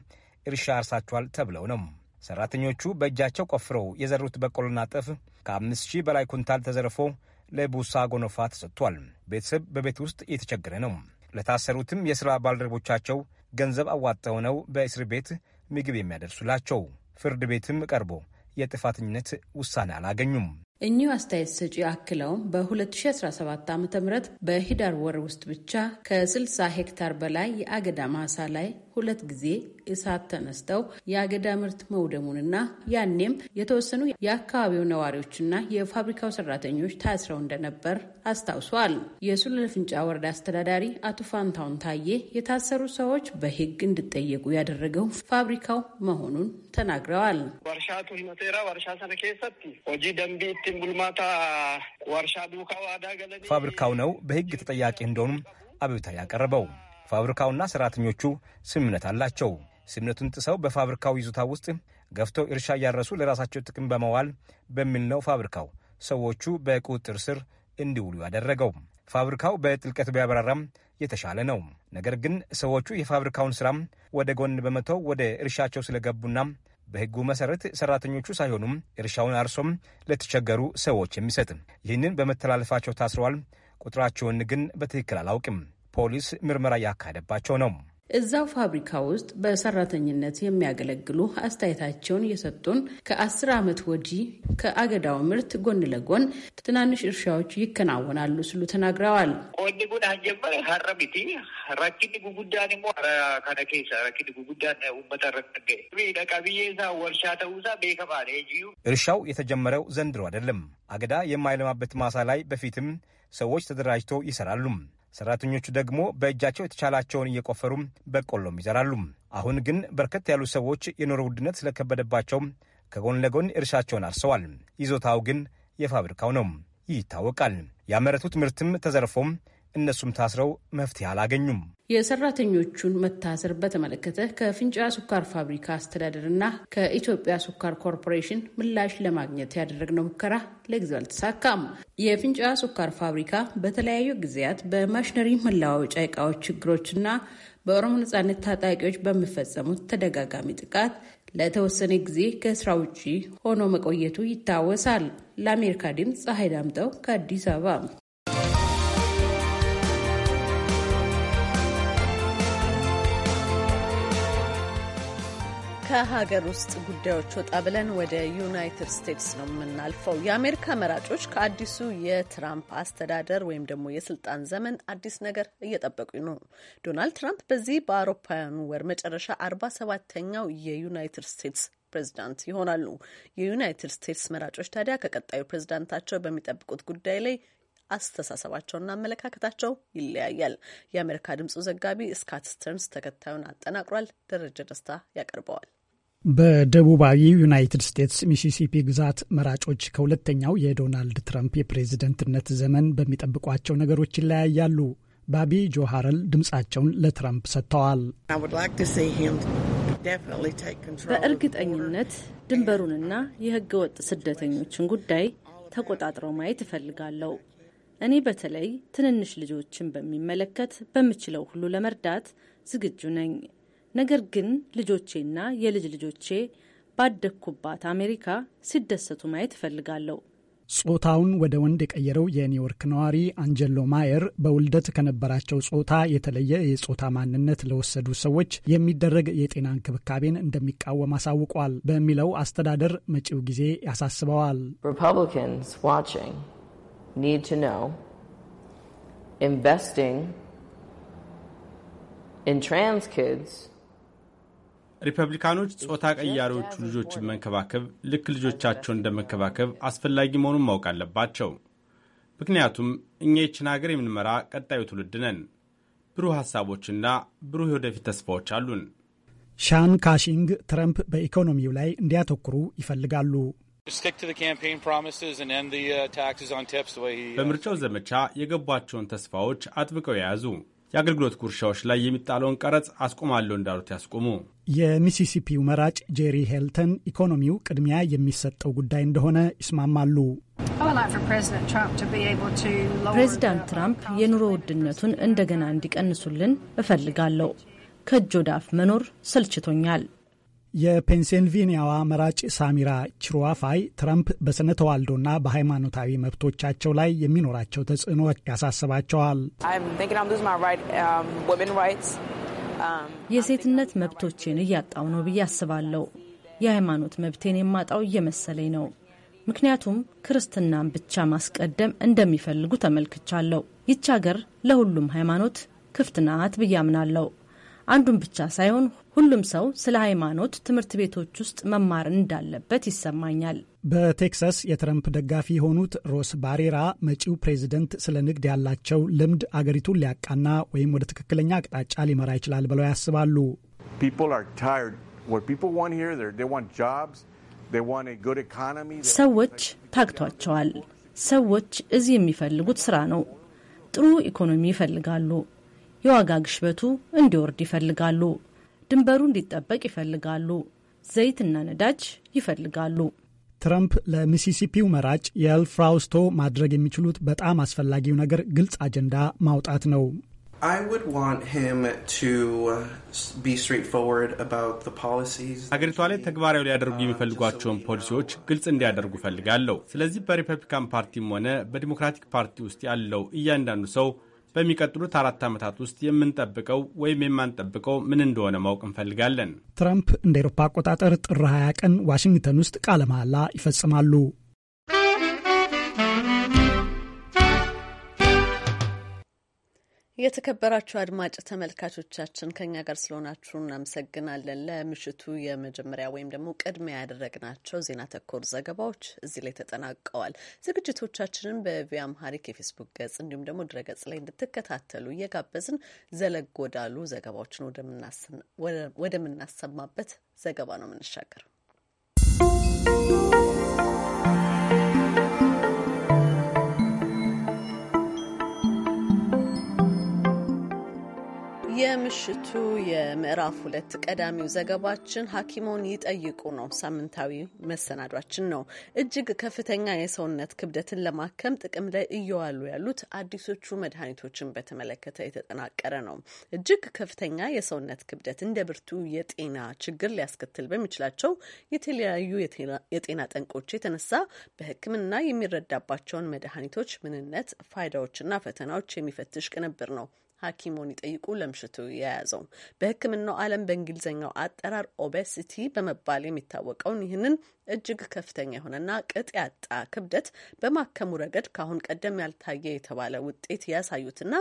እርሻ አርሳቸዋል ተብለው ነው። ሰራተኞቹ በእጃቸው ቆፍረው የዘሩት በቆሎና ጠፍ ከአምስት ሺህ በላይ ኩንታል ተዘርፎ ለቡሳ ጎኖፋ ተሰጥቷል። ቤተሰብ በቤት ውስጥ እየተቸገረ ነው። ለታሰሩትም የሥራ ባልደረቦቻቸው ገንዘብ አዋጥተው ነው በእስር ቤት ምግብ የሚያደርሱላቸው። ፍርድ ቤትም ቀርቦ የጥፋተኝነት ውሳኔ አላገኙም። እኚሁ አስተያየት ሰጪ አክለውም በ2017 ዓ ም በሂዳር ወር ውስጥ ብቻ ከ60 ሄክታር በላይ የአገዳ ማሳ ላይ ሁለት ጊዜ እሳት ተነስተው የአገዳ ምርት መውደሙንና ያኔም የተወሰኑ የአካባቢው ነዋሪዎችና የፋብሪካው ሰራተኞች ታስረው እንደነበር አስታውሷል። የሱለል ፍንጫ ወረዳ አስተዳዳሪ አቶ ፋንታውን ታዬ የታሰሩ ሰዎች በሕግ እንዲጠየቁ ያደረገው ፋብሪካው መሆኑን ተናግረዋል። ዋርሻቱ ሂመቴራ ዋርሻ ሰነ ኬሰት ደንቢ ቡልማታ ዋርሻ ዱካ ዋዳ ገለ ፋብሪካው ነው በሕግ ተጠያቂ እንደሆኑም አቤቱታ ያቀረበው ፋብሪካውና ሰራተኞቹ ስምምነት አላቸው። ስምምነቱን ጥሰው በፋብሪካው ይዞታ ውስጥ ገፍተው እርሻ እያረሱ ለራሳቸው ጥቅም በመዋል በሚል ነው ፋብሪካው ሰዎቹ በቁጥጥር ስር እንዲውሉ ያደረገው። ፋብሪካው በጥልቀት ቢያበራራም የተሻለ ነው። ነገር ግን ሰዎቹ የፋብሪካውን ስራም ወደ ጎን በመተው ወደ እርሻቸው ስለገቡና በሕጉ መሰረት ሰራተኞቹ ሳይሆኑም እርሻውን አርሶም ለተቸገሩ ሰዎች የሚሰጥ ይህንን በመተላለፋቸው ታስረዋል። ቁጥራቸውን ግን በትክክል አላውቅም። ፖሊስ ምርመራ እያካሄደባቸው ነው። እዛው ፋብሪካ ውስጥ በሰራተኝነት የሚያገለግሉ አስተያየታቸውን የሰጡን ከአስር ዓመት ወዲህ ከአገዳው ምርት ጎን ለጎን ትናንሽ እርሻዎች ይከናወናሉ ስሉ ተናግረዋል። እርሻው የተጀመረው ዘንድሮ አይደለም። አገዳ የማይለማበት ማሳ ላይ በፊትም ሰዎች ተደራጅቶ ይሰራሉ። ሰራተኞቹ ደግሞ በእጃቸው የተቻላቸውን እየቆፈሩ በቆሎም ይዘራሉ። አሁን ግን በርከት ያሉ ሰዎች የኑሮ ውድነት ስለከበደባቸው ከጎን ለጎን እርሻቸውን አርሰዋል። ይዞታው ግን የፋብሪካው ነው ይታወቃል። ያመረቱት ምርትም ተዘርፎም እነሱም ታስረው መፍትሄ አላገኙም። የሰራተኞቹን መታሰር በተመለከተ ከፍንጫ ስኳር ፋብሪካ አስተዳደርና ከኢትዮጵያ ስኳር ኮርፖሬሽን ምላሽ ለማግኘት ያደረግነው ሙከራ ለጊዜው አልተሳካም። የፍንጫ ስኳር ፋብሪካ በተለያዩ ጊዜያት በማሽነሪ መለዋወጫ እቃዎች ችግሮችና በኦሮሞ ነጻነት ታጣቂዎች በሚፈጸሙት ተደጋጋሚ ጥቃት ለተወሰነ ጊዜ ከስራ ውጪ ሆኖ መቆየቱ ይታወሳል። ለአሜሪካ ድምፅ ፀሐይ ዳምጠው ከአዲስ አበባ ከሀገር ውስጥ ጉዳዮች ወጣ ብለን ወደ ዩናይትድ ስቴትስ ነው የምናልፈው። የአሜሪካ መራጮች ከአዲሱ የትራምፕ አስተዳደር ወይም ደግሞ የስልጣን ዘመን አዲስ ነገር እየጠበቁ ነው። ዶናልድ ትራምፕ በዚህ በአውሮፓውያኑ ወር መጨረሻ አርባ ሰባተኛው የዩናይትድ ስቴትስ ፕሬዚዳንት ይሆናሉ። የዩናይትድ ስቴትስ መራጮች ታዲያ ከቀጣዩ ፕሬዚዳንታቸው በሚጠብቁት ጉዳይ ላይ አስተሳሰባቸውና አመለካከታቸው ይለያያል። የአሜሪካ ድምፁ ዘጋቢ ስካት ስተርንስ ተከታዩን አጠናቅሯል። ደረጀ ደስታ ያቀርበዋል። በደቡባዊ ዩናይትድ ስቴትስ ሚሲሲፒ ግዛት መራጮች ከሁለተኛው የዶናልድ ትራምፕ የፕሬዝደንትነት ዘመን በሚጠብቋቸው ነገሮች ይለያያሉ። ባቢ ጆሃረል ድምፃቸውን ለትራምፕ ሰጥተዋል። በእርግጠኝነት ድንበሩንና የህገ ወጥ ስደተኞችን ጉዳይ ተቆጣጥረው ማየት እፈልጋለሁ። እኔ በተለይ ትንንሽ ልጆችን በሚመለከት በምችለው ሁሉ ለመርዳት ዝግጁ ነኝ። ነገር ግን ልጆቼና የልጅ ልጆቼ ባደግኩባት አሜሪካ ሲደሰቱ ማየት እፈልጋለሁ። ጾታውን ወደ ወንድ የቀየረው የኒውዮርክ ነዋሪ አንጀሎ ማየር በውልደት ከነበራቸው ጾታ የተለየ የጾታ ማንነት ለወሰዱ ሰዎች የሚደረግ የጤና እንክብካቤን እንደሚቃወም አሳውቋል በሚለው አስተዳደር መጪው ጊዜ ያሳስበዋል። ኢንቨስቲንግ ኢን ትራንስ ኪድስ ሪፐብሊካኖች ጾታ ቀያሪዎቹ ልጆችን መንከባከብ ልክ ልጆቻቸውን እንደመንከባከብ አስፈላጊ መሆኑን ማወቅ አለባቸው። ምክንያቱም እኛ ይችን ሀገር የምንመራ ቀጣዩ ትውልድ ነን። ብሩህ ሀሳቦችና ብሩህ የወደፊት ተስፋዎች አሉን። ሻን ካሺንግ ትረምፕ በኢኮኖሚው ላይ እንዲያተኩሩ ይፈልጋሉ። በምርጫው ዘመቻ የገቧቸውን ተስፋዎች አጥብቀው የያዙ የአገልግሎት ጉርሻዎች ላይ የሚጣለውን ቀረጽ አስቆማለሁ እንዳሉት ያስቆሙ። የሚሲሲፒው መራጭ ጄሪ ሄልተን ኢኮኖሚው ቅድሚያ የሚሰጠው ጉዳይ እንደሆነ ይስማማሉ። ፕሬዚዳንት ትራምፕ የኑሮ ውድነቱን እንደገና እንዲቀንሱልን እፈልጋለሁ። ከእጅ ወዳፍ መኖር ሰልችቶኛል። የፔንሲልቬኒያዋ መራጭ ሳሚራ ችሩዋፋይ ትራምፕ በስነ ተዋልዶና በሃይማኖታዊ መብቶቻቸው ላይ የሚኖራቸው ተጽዕኖ ያሳስባቸዋል። የሴትነት መብቶቼን እያጣው ነው ብዬ አስባለሁ። የሃይማኖት መብቴን የማጣው እየመሰለኝ ነው። ምክንያቱም ክርስትናን ብቻ ማስቀደም እንደሚፈልጉ ተመልክቻለሁ። ይች ሀገር ለሁሉም ሃይማኖት ክፍት ናት ብዬ አምናለሁ። አንዱን ብቻ ሳይሆን ሁሉም ሰው ስለ ሃይማኖት ትምህርት ቤቶች ውስጥ መማር እንዳለበት ይሰማኛል። በቴክሳስ የትረምፕ ደጋፊ የሆኑት ሮስ ባሬራ መጪው ፕሬዚደንት ስለ ንግድ ያላቸው ልምድ አገሪቱን ሊያቃና ወይም ወደ ትክክለኛ አቅጣጫ ሊመራ ይችላል ብለው ያስባሉ። ሰዎች ታግቷቸዋል። ሰዎች እዚህ የሚፈልጉት ስራ ነው። ጥሩ ኢኮኖሚ ይፈልጋሉ። የዋጋ ግሽበቱ እንዲወርድ ይፈልጋሉ። ድንበሩ እንዲጠበቅ ይፈልጋሉ። ዘይትና ነዳጅ ይፈልጋሉ። ትራምፕ ለሚሲሲፒው መራጭ የኤል ፍራውስቶ ማድረግ የሚችሉት በጣም አስፈላጊው ነገር ግልጽ አጀንዳ ማውጣት ነው። uh, ሀገሪቷ ላይ ተግባራዊ ሊያደርጉ የሚፈልጓቸውን ፖሊሲዎች ግልጽ እንዲያደርጉ ፈልጋለሁ። ስለዚህ በሪፐብሊካን ፓርቲም ሆነ በዲሞክራቲክ ፓርቲ ውስጥ ያለው እያንዳንዱ ሰው በሚቀጥሉት አራት ዓመታት ውስጥ የምንጠብቀው ወይም የማንጠብቀው ምን እንደሆነ ማወቅ እንፈልጋለን። ትራምፕ እንደ ኤሮፓ አቆጣጠር ጥር 20 ቀን ዋሽንግተን ውስጥ ቃለ መሐላ ይፈጽማሉ። የተከበራችሁ አድማጭ ተመልካቾቻችን ከኛ ጋር ስለሆናችሁ እናመሰግናለን። ለምሽቱ የመጀመሪያ ወይም ደግሞ ቅድሚያ ያደረግናቸው ዜና ተኮር ዘገባዎች እዚህ ላይ ተጠናቀዋል። ዝግጅቶቻችንን በቪኦኤ አምሃሪክ የፌስቡክ ገጽ እንዲሁም ደግሞ ድረገጽ ላይ እንድትከታተሉ እየጋበዝን ዘለግ ወዳሉ ዘገባዎችን ወደምናሰማበት ዘገባ ነው የምንሻገረው። የምሽቱ የምዕራፍ ሁለት ቀዳሚው ዘገባችን ሐኪሞን ይጠይቁ ነው። ሳምንታዊ መሰናዷችን ነው። እጅግ ከፍተኛ የሰውነት ክብደትን ለማከም ጥቅም ላይ እየዋሉ ያሉት አዲሶቹ መድኃኒቶችን በተመለከተ የተጠናቀረ ነው። እጅግ ከፍተኛ የሰውነት ክብደት እንደ ብርቱ የጤና ችግር ሊያስከትል በሚችላቸው የተለያዩ የጤና ጠንቆች የተነሳ በሕክምና የሚረዳባቸውን መድኃኒቶች ምንነት፣ ፋይዳዎችና ፈተናዎች የሚፈትሽ ቅንብር ነው ሐኪሞን ይጠይቁ ለምሽቱ የያዘው በሕክምናው ዓለም በእንግሊዝኛው አጠራር ኦቤሲቲ በመባል የሚታወቀውን ይህንን እጅግ ከፍተኛ የሆነና ቅጥ ያጣ ክብደት በማከሙ ረገድ ካሁን ቀደም ያልታየ የተባለ ውጤት ያሳዩትና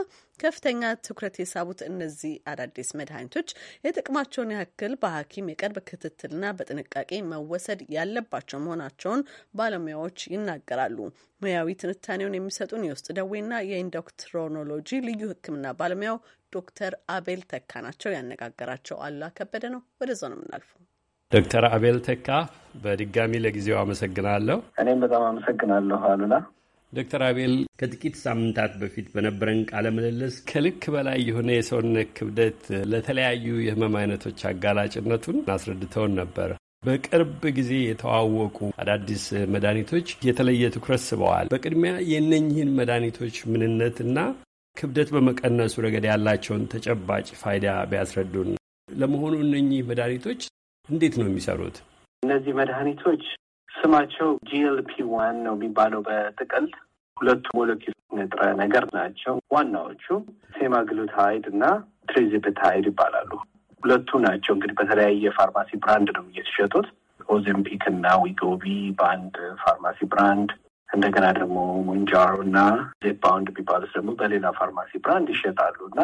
ከፍተኛ ትኩረት የሳቡት እነዚህ አዳዲስ መድኃኒቶች የጥቅማቸውን ያክል በሐኪም የቅርብ ክትትልና በጥንቃቄ መወሰድ ያለባቸው መሆናቸውን ባለሙያዎች ይናገራሉ። ሙያዊ ትንታኔውን የሚሰጡን የውስጥ ደዌና የኢንዶክትሮኖሎጂ ልዩ ሕክምና ባለሙያው ዶክተር አቤል ተካ ናቸው። ያነጋገራቸው አላ ከበደ ነው። ወደዛ ነው የምናልፈው። ዶክተር አቤል ተካ በድጋሚ ለጊዜው አመሰግናለሁ። እኔም በጣም አመሰግናለሁ አሉላ። ዶክተር አቤል ከጥቂት ሳምንታት በፊት በነበረን ቃለ ምልልስ ከልክ በላይ የሆነ የሰውነት ክብደት ለተለያዩ የህመም አይነቶች አጋላጭነቱን አስረድተውን ነበር። በቅርብ ጊዜ የተዋወቁ አዳዲስ መድኃኒቶች የተለየ ትኩረት ስበዋል። በቅድሚያ የእነኝህን መድኃኒቶች ምንነትና ክብደት በመቀነሱ ረገድ ያላቸውን ተጨባጭ ፋይዳ ቢያስረዱን። ለመሆኑ እነኚህ መድኃኒቶች እንዴት ነው የሚሰሩት? እነዚህ መድኃኒቶች ስማቸው ጂኤልፒ ዋን ነው የሚባለው በጥቅል ሁለቱ ሞለኪል ንጥረ ነገር ናቸው። ዋናዎቹ ሴማግሉታይድ እና ትሪዚፕታይድ ይባላሉ። ሁለቱ ናቸው እንግዲህ በተለያየ ፋርማሲ ብራንድ ነው እየተሸጡት። ኦዘምፒክ እና ዊጎቢ በአንድ ፋርማሲ ብራንድ፣ እንደገና ደግሞ ሙንጃሮ እና ዜፓውንድ የሚባሉት ደግሞ በሌላ ፋርማሲ ብራንድ ይሸጣሉ እና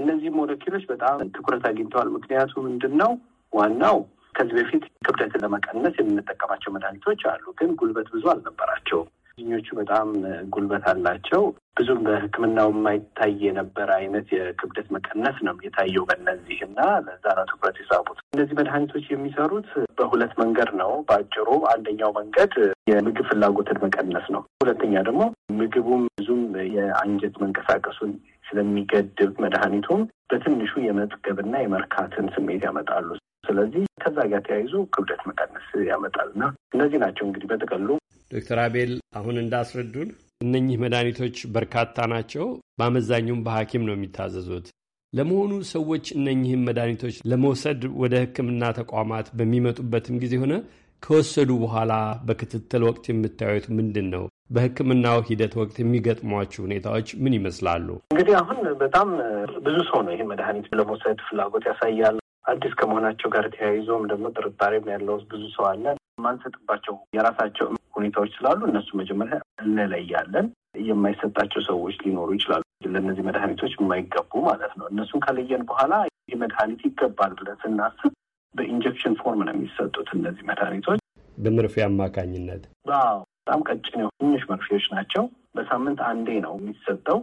እነዚህ ሞለኪሎች በጣም ትኩረት አግኝተዋል። ምክንያቱ ምንድን ነው? ዋናው ከዚህ በፊት ክብደትን ለመቀነስ የምንጠቀማቸው መድኃኒቶች አሉ፣ ግን ጉልበት ብዙ አልነበራቸውም። ኞቹ በጣም ጉልበት አላቸው። ብዙም በሕክምናው የማይታይ የነበረ አይነት የክብደት መቀነስ ነው የታየው በእነዚህ እና ለዛ ነው ትኩረት የሳቡት። እነዚህ መድኃኒቶች የሚሰሩት በሁለት መንገድ ነው በአጭሩ። አንደኛው መንገድ የምግብ ፍላጎትን መቀነስ ነው። ሁለተኛ ደግሞ ምግቡም ብዙም የአንጀት መንቀሳቀሱን ስለሚገድብ መድኃኒቱም በትንሹ የመጥገብና የመርካትን ስሜት ያመጣሉ። ስለዚህ ከዛ ጋር ተያይዞ ክብደት መቀነስ ያመጣል እና እነዚህ ናቸው እንግዲህ በጥቅሉ። ዶክተር አቤል አሁን እንዳስረዱን እነኚህ መድኃኒቶች በርካታ ናቸው። በአመዛኙም በሐኪም ነው የሚታዘዙት። ለመሆኑ ሰዎች እነኚህም መድኃኒቶች ለመውሰድ ወደ ሕክምና ተቋማት በሚመጡበትም ጊዜ ሆነ ከወሰዱ በኋላ በክትትል ወቅት የምታዩት ምንድን ነው? በሕክምናው ሂደት ወቅት የሚገጥሟችሁ ሁኔታዎች ምን ይመስላሉ? እንግዲህ አሁን በጣም ብዙ ሰው ነው ይህ መድኃኒት ለመውሰድ ፍላጎት ያሳያል። አዲስ ከመሆናቸው ጋር ተያይዞም ደግሞ ጥርጣሬም ያለው ብዙ ሰው አለ። የማንሰጥባቸው የራሳቸው ሁኔታዎች ስላሉ እነሱ መጀመሪያ እንለያለን። የማይሰጣቸው ሰዎች ሊኖሩ ይችላሉ፣ ለእነዚህ መድኃኒቶች የማይገቡ ማለት ነው። እነሱን ከለየን በኋላ ይህ መድኃኒት ይገባል ብለን ስናስብ በኢንጀክሽን ፎርም ነው የሚሰጡት እነዚህ መድኃኒቶች በመርፌ አማካኝነት። በጣም ቀጭን ትንሽ መርፌዎች ናቸው። በሳምንት አንዴ ነው የሚሰጠው።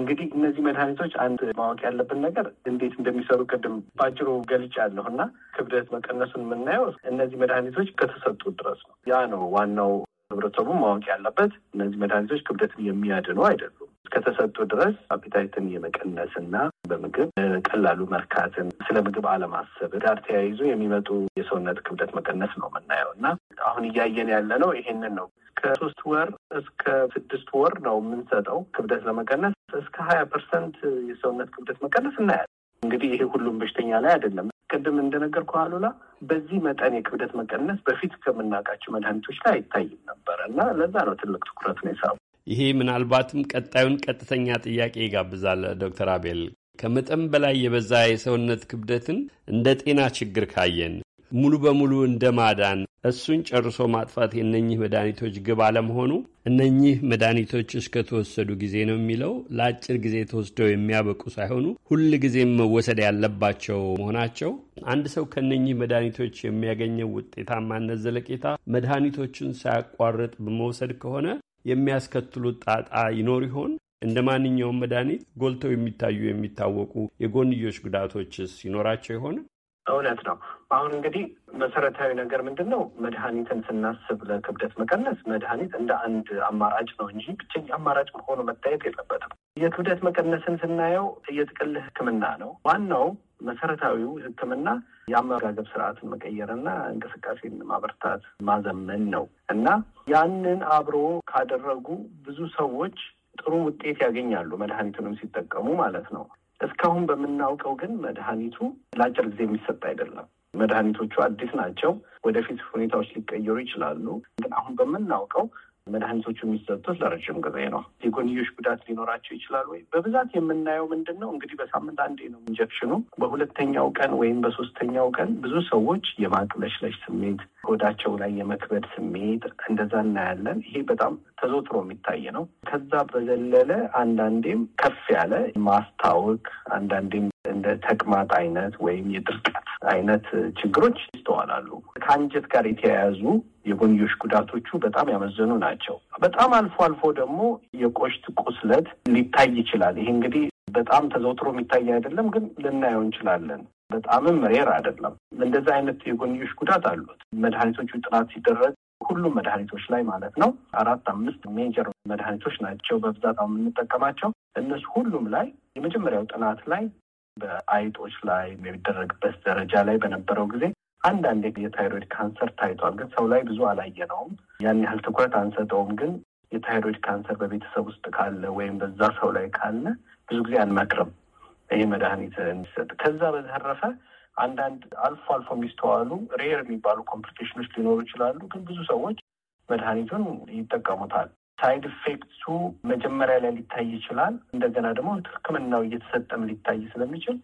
እንግዲህ እነዚህ መድኃኒቶች አንድ ማወቅ ያለብን ነገር እንዴት እንደሚሰሩ ቅድም ባጭሩ ገልጫለሁ እና ክብደት መቀነሱን የምናየው እነዚህ መድኃኒቶች ከተሰጡ ድረስ ነው። ያ ነው ዋናው ህብረተሰቡ ማወቅ ያለበት። እነዚህ መድኃኒቶች ክብደትን የሚያድኑ አይደሉም። እስከተሰጡ ድረስ አፒታይትን የመቀነስ እና በምግብ ቀላሉ መርካትን ስለ ምግብ አለማሰብ ጋር ተያይዞ የሚመጡ የሰውነት ክብደት መቀነስ ነው የምናየው እና አሁን እያየን ያለ ነው ይሄንን ነው። ከሶስት ወር እስከ ስድስት ወር ነው የምንሰጠው ክብደት ለመቀነስ እስከ ሀያ ፐርሰንት የሰውነት ክብደት መቀነስ እናያለን። እንግዲህ ይሄ ሁሉም በሽተኛ ላይ አይደለም። ቅድም እንደነገርኩ አሉላ በዚህ መጠን የክብደት መቀነስ በፊት ከምናውቃቸው መድኃኒቶች ላይ አይታይም ነበረ እና ለዛ ነው ትልቅ ትኩረት ነው የሳቡ። ይሄ ምናልባትም ቀጣዩን ቀጥተኛ ጥያቄ ይጋብዛል። ዶክተር አቤል ከመጠን በላይ የበዛ የሰውነት ክብደትን እንደ ጤና ችግር ካየን ሙሉ በሙሉ እንደ ማዳን እሱን ጨርሶ ማጥፋት የእነኚህ መድኃኒቶች ግብ አለመሆኑ እነኚህ መድኃኒቶች እስከተወሰዱ ጊዜ ነው የሚለው ለአጭር ጊዜ ተወስደው የሚያበቁ ሳይሆኑ ሁል ጊዜም መወሰድ ያለባቸው መሆናቸው አንድ ሰው ከእነኚህ መድኃኒቶች የሚያገኘው ውጤታማነት ዘለቄታ መድኃኒቶቹን ሳያቋርጥ በመውሰድ ከሆነ የሚያስከትሉት ጣጣ ይኖር ይሆን? እንደ ማንኛውም መድኃኒት ጎልተው የሚታዩ የሚታወቁ የጎንዮሽ ጉዳቶችስ ይኖራቸው ይሆን? እውነት ነው። አሁን እንግዲህ መሰረታዊ ነገር ምንድን ነው? መድኃኒትን ስናስብ ለክብደት መቀነስ መድኃኒት እንደ አንድ አማራጭ ነው እንጂ ብቸኛ አማራጭ መሆኑ መታየት የለበትም። የክብደት መቀነስን ስናየው የጥቅል ሕክምና ነው ዋናው መሰረታዊው ሕክምና የአመጋገብ ስርዓትን መቀየርና እንቅስቃሴን ማበርታት ማዘመን ነው እና ያንን አብሮ ካደረጉ ብዙ ሰዎች ጥሩ ውጤት ያገኛሉ። መድኃኒቱንም ሲጠቀሙ ማለት ነው። እስካሁን በምናውቀው ግን መድኃኒቱ ለአጭር ጊዜ የሚሰጥ አይደለም። መድኃኒቶቹ አዲስ ናቸው። ወደፊት ሁኔታዎች ሊቀየሩ ይችላሉ። ግን አሁን በምናውቀው መድኃኒቶቹ የሚሰጡት ለረጅም ጊዜ ነው። የጎንዮሽ ጉዳት ሊኖራቸው ይችላል ወይ? በብዛት የምናየው ምንድን ነው እንግዲህ በሳምንት አንዴ ነው ኢንጀክሽኑ። በሁለተኛው ቀን ወይም በሶስተኛው ቀን ብዙ ሰዎች የማቅለሽለሽ ስሜት፣ ሆዳቸው ላይ የመክበድ ስሜት እንደዛ እናያለን። ይሄ በጣም ተዘውትሮ የሚታይ ነው። ከዛ በዘለለ አንዳንዴም ከፍ ያለ ማስታወክ፣ አንዳንዴም እንደ ተቅማጥ አይነት ወይም የድርቀት አይነት ችግሮች ይስተዋላሉ። ከአንጀት ጋር የተያያዙ የጎንዮሽ ጉዳቶቹ በጣም ያመዘኑ ናቸው። በጣም አልፎ አልፎ ደግሞ የቆሽት ቁስለት ሊታይ ይችላል። ይሄ እንግዲህ በጣም ተዘውትሮ የሚታይ አይደለም፣ ግን ልናየው እንችላለን። በጣምም ሬር አይደለም። እንደዚ አይነት የጎንዮሽ ጉዳት አሉት። መድኃኒቶቹ ጥናት ሲደረግ ሁሉም መድኃኒቶች ላይ ማለት ነው። አራት አምስት ሜጀር መድኃኒቶች ናቸው በብዛት የምንጠቀማቸው። እነሱ ሁሉም ላይ የመጀመሪያው ጥናት ላይ በአይጦች ላይ የሚደረግበት ደረጃ ላይ በነበረው ጊዜ አንዳንድ የታይሮይድ ካንሰር ታይቷል። ግን ሰው ላይ ብዙ አላየነውም፣ ያን ያህል ትኩረት አንሰጠውም። ግን የታይሮይድ ካንሰር በቤተሰብ ውስጥ ካለ ወይም በዛ ሰው ላይ ካለ ብዙ ጊዜ አንመክርም ይህ መድኃኒት እንዲሰጥ። ከዛ በተረፈ አንዳንድ አልፎ አልፎ የሚስተዋሉ ሬር የሚባሉ ኮምፕሊኬሽኖች ሊኖሩ ይችላሉ። ግን ብዙ ሰዎች መድኃኒቱን ይጠቀሙታል። ሳይድ ኢፌክቱ መጀመሪያ ላይ ሊታይ ይችላል። እንደገና ደግሞ ሕክምናው እየተሰጠም ሊታይ ስለሚችል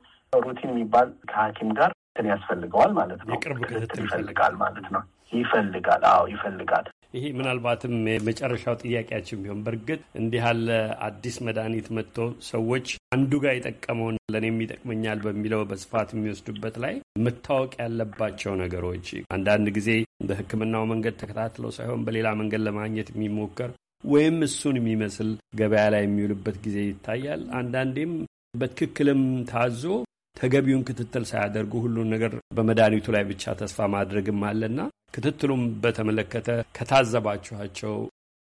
ሩቲን የሚባል ከሐኪም ጋር እንትን ያስፈልገዋል ማለት ነው። ክትትል ይፈልጋል ማለት ነው። ይፈልጋል። አዎ ይፈልጋል። ይሄ ምናልባትም የመጨረሻው ጥያቄያችን ቢሆን በእርግጥ እንዲህ ያለ አዲስ መድኃኒት መጥቶ ሰዎች አንዱ ጋር የጠቀመውን ለእኔም ይጠቅመኛል በሚለው በስፋት የሚወስዱበት ላይ መታወቅ ያለባቸው ነገሮች አንዳንድ ጊዜ በሕክምናው መንገድ ተከታትለው ሳይሆን በሌላ መንገድ ለማግኘት የሚሞከር ወይም እሱን የሚመስል ገበያ ላይ የሚውልበት ጊዜ ይታያል። አንዳንዴም በትክክልም ታዞ ተገቢውን ክትትል ሳያደርጉ ሁሉን ነገር በመድኃኒቱ ላይ ብቻ ተስፋ ማድረግም አለና ክትትሉም በተመለከተ ከታዘባችኋቸው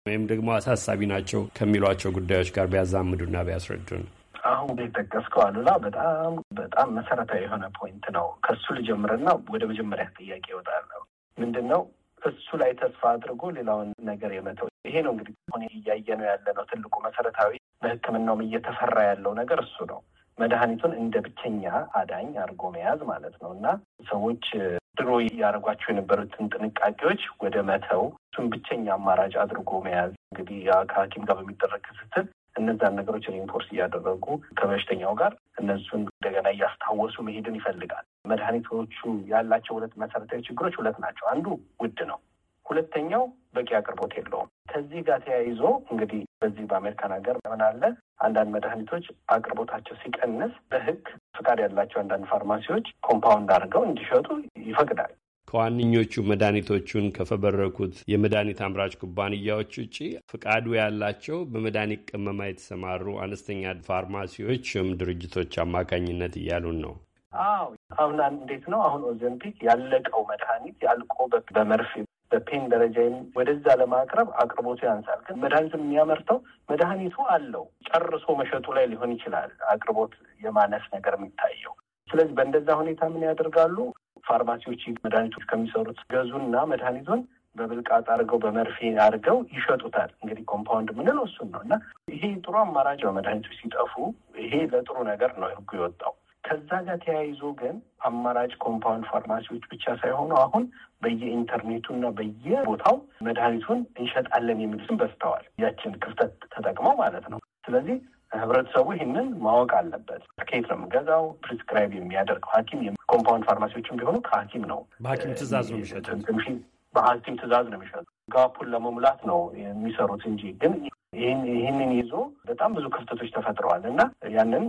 ወይም ደግሞ አሳሳቢ ናቸው ከሚሏቸው ጉዳዮች ጋር ቢያዛምዱና ቢያስረዱን። አሁን ጠቀስከው አሉላ በጣም በጣም መሰረታዊ የሆነ ፖይንት ነው። ከሱ ልጀምርና ወደ መጀመሪያ ጥያቄ ይወጣለሁ። ምንድን ነው እሱ ላይ ተስፋ አድርጎ ሌላውን ነገር የመተው ይሄ ነው እንግዲህ አሁን ያለ ነው። ትልቁ መሰረታዊ በሕክምናውም እየተፈራ ያለው ነገር እሱ ነው። መድኃኒቱን እንደ ብቸኛ አዳኝ አድርጎ መያዝ ማለት ነው እና ሰዎች ድሮ ያደርጓቸው የነበሩትን ጥንቃቄዎች ወደ መተው እሱን ብቸኛ አማራጭ አድርጎ መያዝ እንግዲህ ከሐኪም ጋር በሚደረግ ክትትል እነዛን ነገሮች ሪንፎርስ እያደረጉ ከበሽተኛው ጋር እነሱን እንደገና እያስታወሱ መሄድን ይፈልጋል። መድኃኒቶቹ ያላቸው ሁለት መሰረታዊ ችግሮች ሁለት ናቸው። አንዱ ውድ ነው። ሁለተኛው በቂ አቅርቦት የለውም። ከዚህ ጋር ተያይዞ እንግዲህ በዚህ በአሜሪካን ሀገር ምን አለ አንዳንድ መድኃኒቶች አቅርቦታቸው ሲቀንስ በህግ ፍቃድ ያላቸው አንዳንድ ፋርማሲዎች ኮምፓውንድ አድርገው እንዲሸጡ ይፈቅዳል። ከዋነኞቹ መድኃኒቶቹን ከፈበረኩት የመድኃኒት አምራች ኩባንያዎች ውጪ ፍቃዱ ያላቸው በመድኃኒት ቅመማ የተሰማሩ አነስተኛ ፋርማሲዎችም ድርጅቶች አማካኝነት እያሉን ነው። አዎ አሁን እንዴት ነው አሁን ኦዘምፒክ ያለቀው መድኃኒት ያልቆ በመርፌ በፔን ደረጃ ወደዛ ለማቅረብ አቅርቦቱ ያንሳል። ግን መድኃኒት የሚያመርተው መድኃኒቱ አለው ጨርሶ መሸጡ ላይ ሊሆን ይችላል አቅርቦት የማነስ ነገር የሚታየው። ስለዚህ በእንደዛ ሁኔታ ምን ያደርጋሉ? ፋርማሲዎች መድኃኒቶች ከሚሰሩት ገዙና መድኃኒቱን በብልቃጥ አድርገው በመርፌ አድርገው ይሸጡታል። እንግዲህ ኮምፓውንድ የምንለው እሱን ነው እና ይሄ ጥሩ አማራጭ ነው። መድኃኒቶች ሲጠፉ ይሄ ለጥሩ ነገር ነው ህጉ የወጣው። ከዛ ጋር ተያይዞ ግን አማራጭ ኮምፓውንድ ፋርማሲዎች ብቻ ሳይሆኑ አሁን በየኢንተርኔቱ እና በየቦታው መድኃኒቱን እንሸጣለን የሚል በስተዋል ያችን ክፍተት ተጠቅመው ማለት ነው። ስለዚህ ህብረተሰቡ ይህንን ማወቅ አለበት። ከየት ነው የምገዛው? ፕሪስክራይብ የሚያደርገው ሐኪም ኮምፓውንድ ፋርማሲዎችም ቢሆኑ ከሐኪም ነው፣ በሐኪም ትእዛዝ ነው የሚሸጡት፣ በሐኪም ትእዛዝ ነው የሚሸጡት። ጋፑን ለመሙላት ነው የሚሰሩት እንጂ ግን ይህንን ይዞ በጣም ብዙ ክፍተቶች ተፈጥረዋል እና ያንን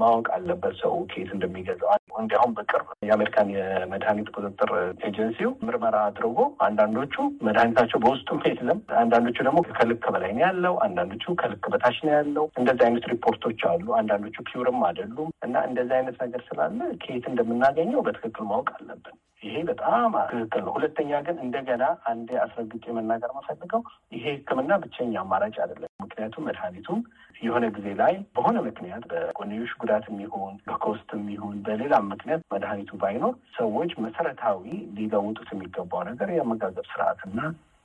ማወቅ አለበት ሰው ኬት እንደሚገዛው። እንዲያውም በቅርብ የአሜሪካን የመድኃኒት ቁጥጥር ኤጀንሲው ምርመራ አድርጎ አንዳንዶቹ መድኃኒታቸው በውስጡም የለም፣ አንዳንዶቹ ደግሞ ከልክ በላይ ነው ያለው፣ አንዳንዶቹ ከልክ በታች ነው ያለው። እንደዚህ አይነት ሪፖርቶች አሉ። አንዳንዶቹ ፒውርም አይደሉም እና እንደዚህ አይነት ነገር ስላለ ኬት እንደምናገኘው በትክክል ማወቅ አለብን። ይሄ በጣም ትክክል ነው። ሁለተኛ ግን እንደገና አንዴ አስረግጬ መናገር መፈልገው ይሄ ሕክምና ብቸኛ አማራጭ አይደለም። ምክንያቱም መድኃኒቱ የሆነ ጊዜ ላይ በሆነ ምክንያት በጎንዮሽ ጉዳት የሚሆን በኮስት የሚሆን በሌላ ምክንያት መድኃኒቱ ባይኖር ሰዎች መሰረታዊ ሊለውጡት የሚገባው ነገር የአመጋገብ ስርዓትና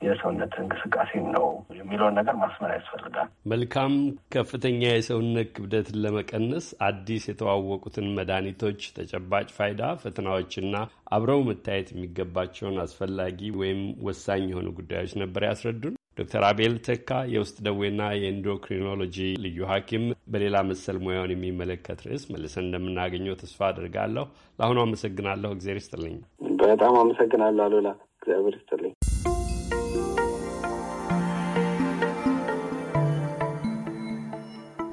የሰውነት እንቅስቃሴን ነው የሚለውን ነገር ማስመር ያስፈልጋል። መልካም። ከፍተኛ የሰውነት ክብደትን ለመቀነስ አዲስ የተዋወቁትን መድኃኒቶች ተጨባጭ ፋይዳ፣ ፈተናዎችና አብረው መታየት የሚገባቸውን አስፈላጊ ወይም ወሳኝ የሆኑ ጉዳዮች ነበር ያስረዱን። ዶክተር አቤል ተካ የውስጥ ደዌና የኢንዶክሪኖሎጂ ልዩ ሐኪም በሌላ መሰል ሙያውን የሚመለከት ርዕስ መልሰን እንደምናገኘው ተስፋ አድርጋለሁ። ለአሁኑ አመሰግናለሁ። እግዜር ይስጥልኝ። በጣም አመሰግናለሁ አሉላ። እግዚአብሔር ይስጥልኝ።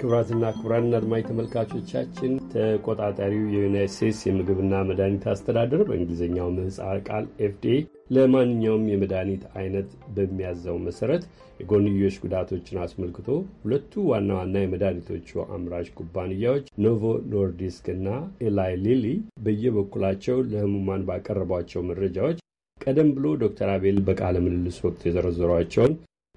ክቡራትና ክቡራን አድማጭ ተመልካቾቻችን ተቆጣጣሪው የዩናይት ስቴትስ የምግብና መድኃኒት አስተዳደር በእንግሊዝኛው ምህጻር ቃል ኤፍዲኤ ለማንኛውም የመድኃኒት አይነት በሚያዘው መሰረት የጎንዮሽ ጉዳቶችን አስመልክቶ ሁለቱ ዋና ዋና የመድኃኒቶቹ አምራች ኩባንያዎች ኖቮ ኖርዲስክ እና ኤላይ ሊሊ በየበኩላቸው ለህሙማን ባቀረቧቸው መረጃዎች ቀደም ብሎ ዶክተር አቤል በቃለ ምልልስ ወቅት የዘረዘሯቸውን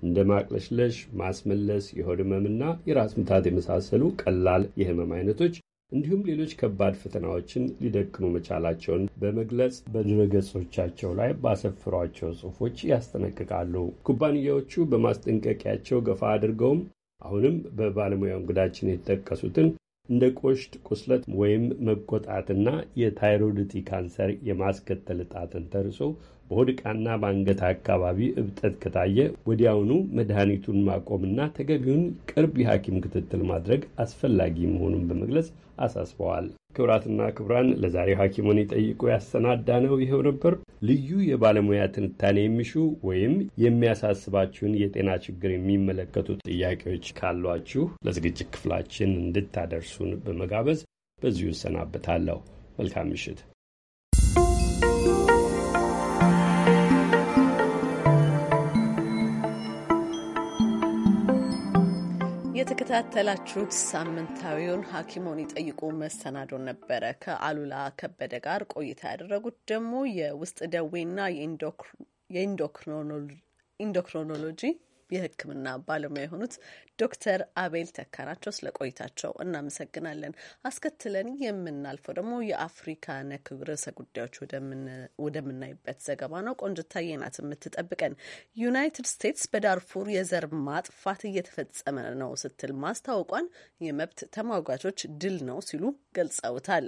እንደ ማቅለሽለሽ፣ ማስመለስ፣ የሆድ ህመምና የራስ ምታት የመሳሰሉ ቀላል የህመም አይነቶች እንዲሁም ሌሎች ከባድ ፈተናዎችን ሊደቅኑ መቻላቸውን በመግለጽ በድረገጾቻቸው ላይ ባሰፍሯቸው ጽሑፎች ያስጠነቅቃሉ። ኩባንያዎቹ በማስጠንቀቂያቸው ገፋ አድርገውም አሁንም በባለሙያ እንግዳችን የተጠቀሱትን እንደ ቆሽት ቁስለት ወይም መቆጣትና የታይሮድቲ ካንሰር የማስከተል እጣትን ተርሶ በሆድቃና በአንገት አካባቢ እብጠት ከታየ ወዲያውኑ መድኃኒቱን ማቆምና ተገቢውን ቅርብ የሐኪም ክትትል ማድረግ አስፈላጊ መሆኑን በመግለጽ አሳስበዋል። ክብራትና ክብራን ለዛሬው ሐኪሙን ይጠይቁ ያሰናዳ ነው ይኸው ነበር። ልዩ የባለሙያ ትንታኔ የሚሹ ወይም የሚያሳስባችሁን የጤና ችግር የሚመለከቱ ጥያቄዎች ካሏችሁ ለዝግጅት ክፍላችን እንድታደርሱን በመጋበዝ በዚሁ እሰናበታለሁ። መልካም ምሽት። የተከታተላችሁት ሳምንታዊውን ሐኪሞን ይጠይቁ መሰናዶን ነበረ። ከአሉላ ከበደ ጋር ቆይታ ያደረጉት ደግሞ የውስጥ ደዌና የኢንዶክሮኖሎጂ የሕክምና ባለሙያ የሆኑት ዶክተር አቤል ተካ ናቸው። ስለ ቆይታቸው እናመሰግናለን። አስከትለን የምናልፈው ደግሞ የአፍሪካ ነክ ርዕሰ ጉዳዮች ወደምናይበት ዘገባ ነው። ቆንጅታዬ ናት የምትጠብቀን። ዩናይትድ ስቴትስ በዳርፉር የዘር ማጥፋት እየተፈጸመ ነው ስትል ማስታወቋን የመብት ተሟጋቾች ድል ነው ሲሉ ገልጸውታል።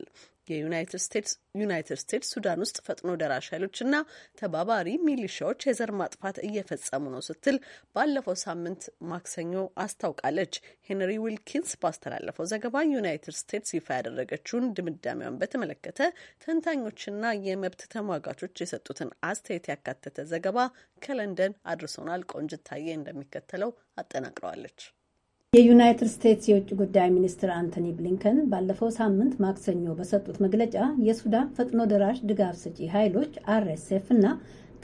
የዩናይትድ ስቴትስ ዩናይትድ ስቴትስ ሱዳን ውስጥ ፈጥኖ ደራሽ ኃይሎችና ተባባሪ ሚሊሻዎች የዘር ማጥፋት እየፈጸሙ ነው ስትል ባለፈው ሳምንት ማክሰኞ አስታውቃለች። ሄንሪ ዊልኪንስ ባስተላለፈው ዘገባ ዩናይትድ ስቴትስ ይፋ ያደረገችውን ድምዳሜውን በተመለከተ ተንታኞችና የመብት ተሟጋቾች የሰጡትን አስተያየት ያካተተ ዘገባ ከለንደን አድርሶናል። ቆንጅታዬ እንደሚከተለው አጠናቅረዋለች። የዩናይትድ ስቴትስ የውጭ ጉዳይ ሚኒስትር አንቶኒ ብሊንከን ባለፈው ሳምንት ማክሰኞ በሰጡት መግለጫ የሱዳን ፈጥኖ ደራሽ ድጋፍ ሰጪ ኃይሎች አርኤስኤፍ እና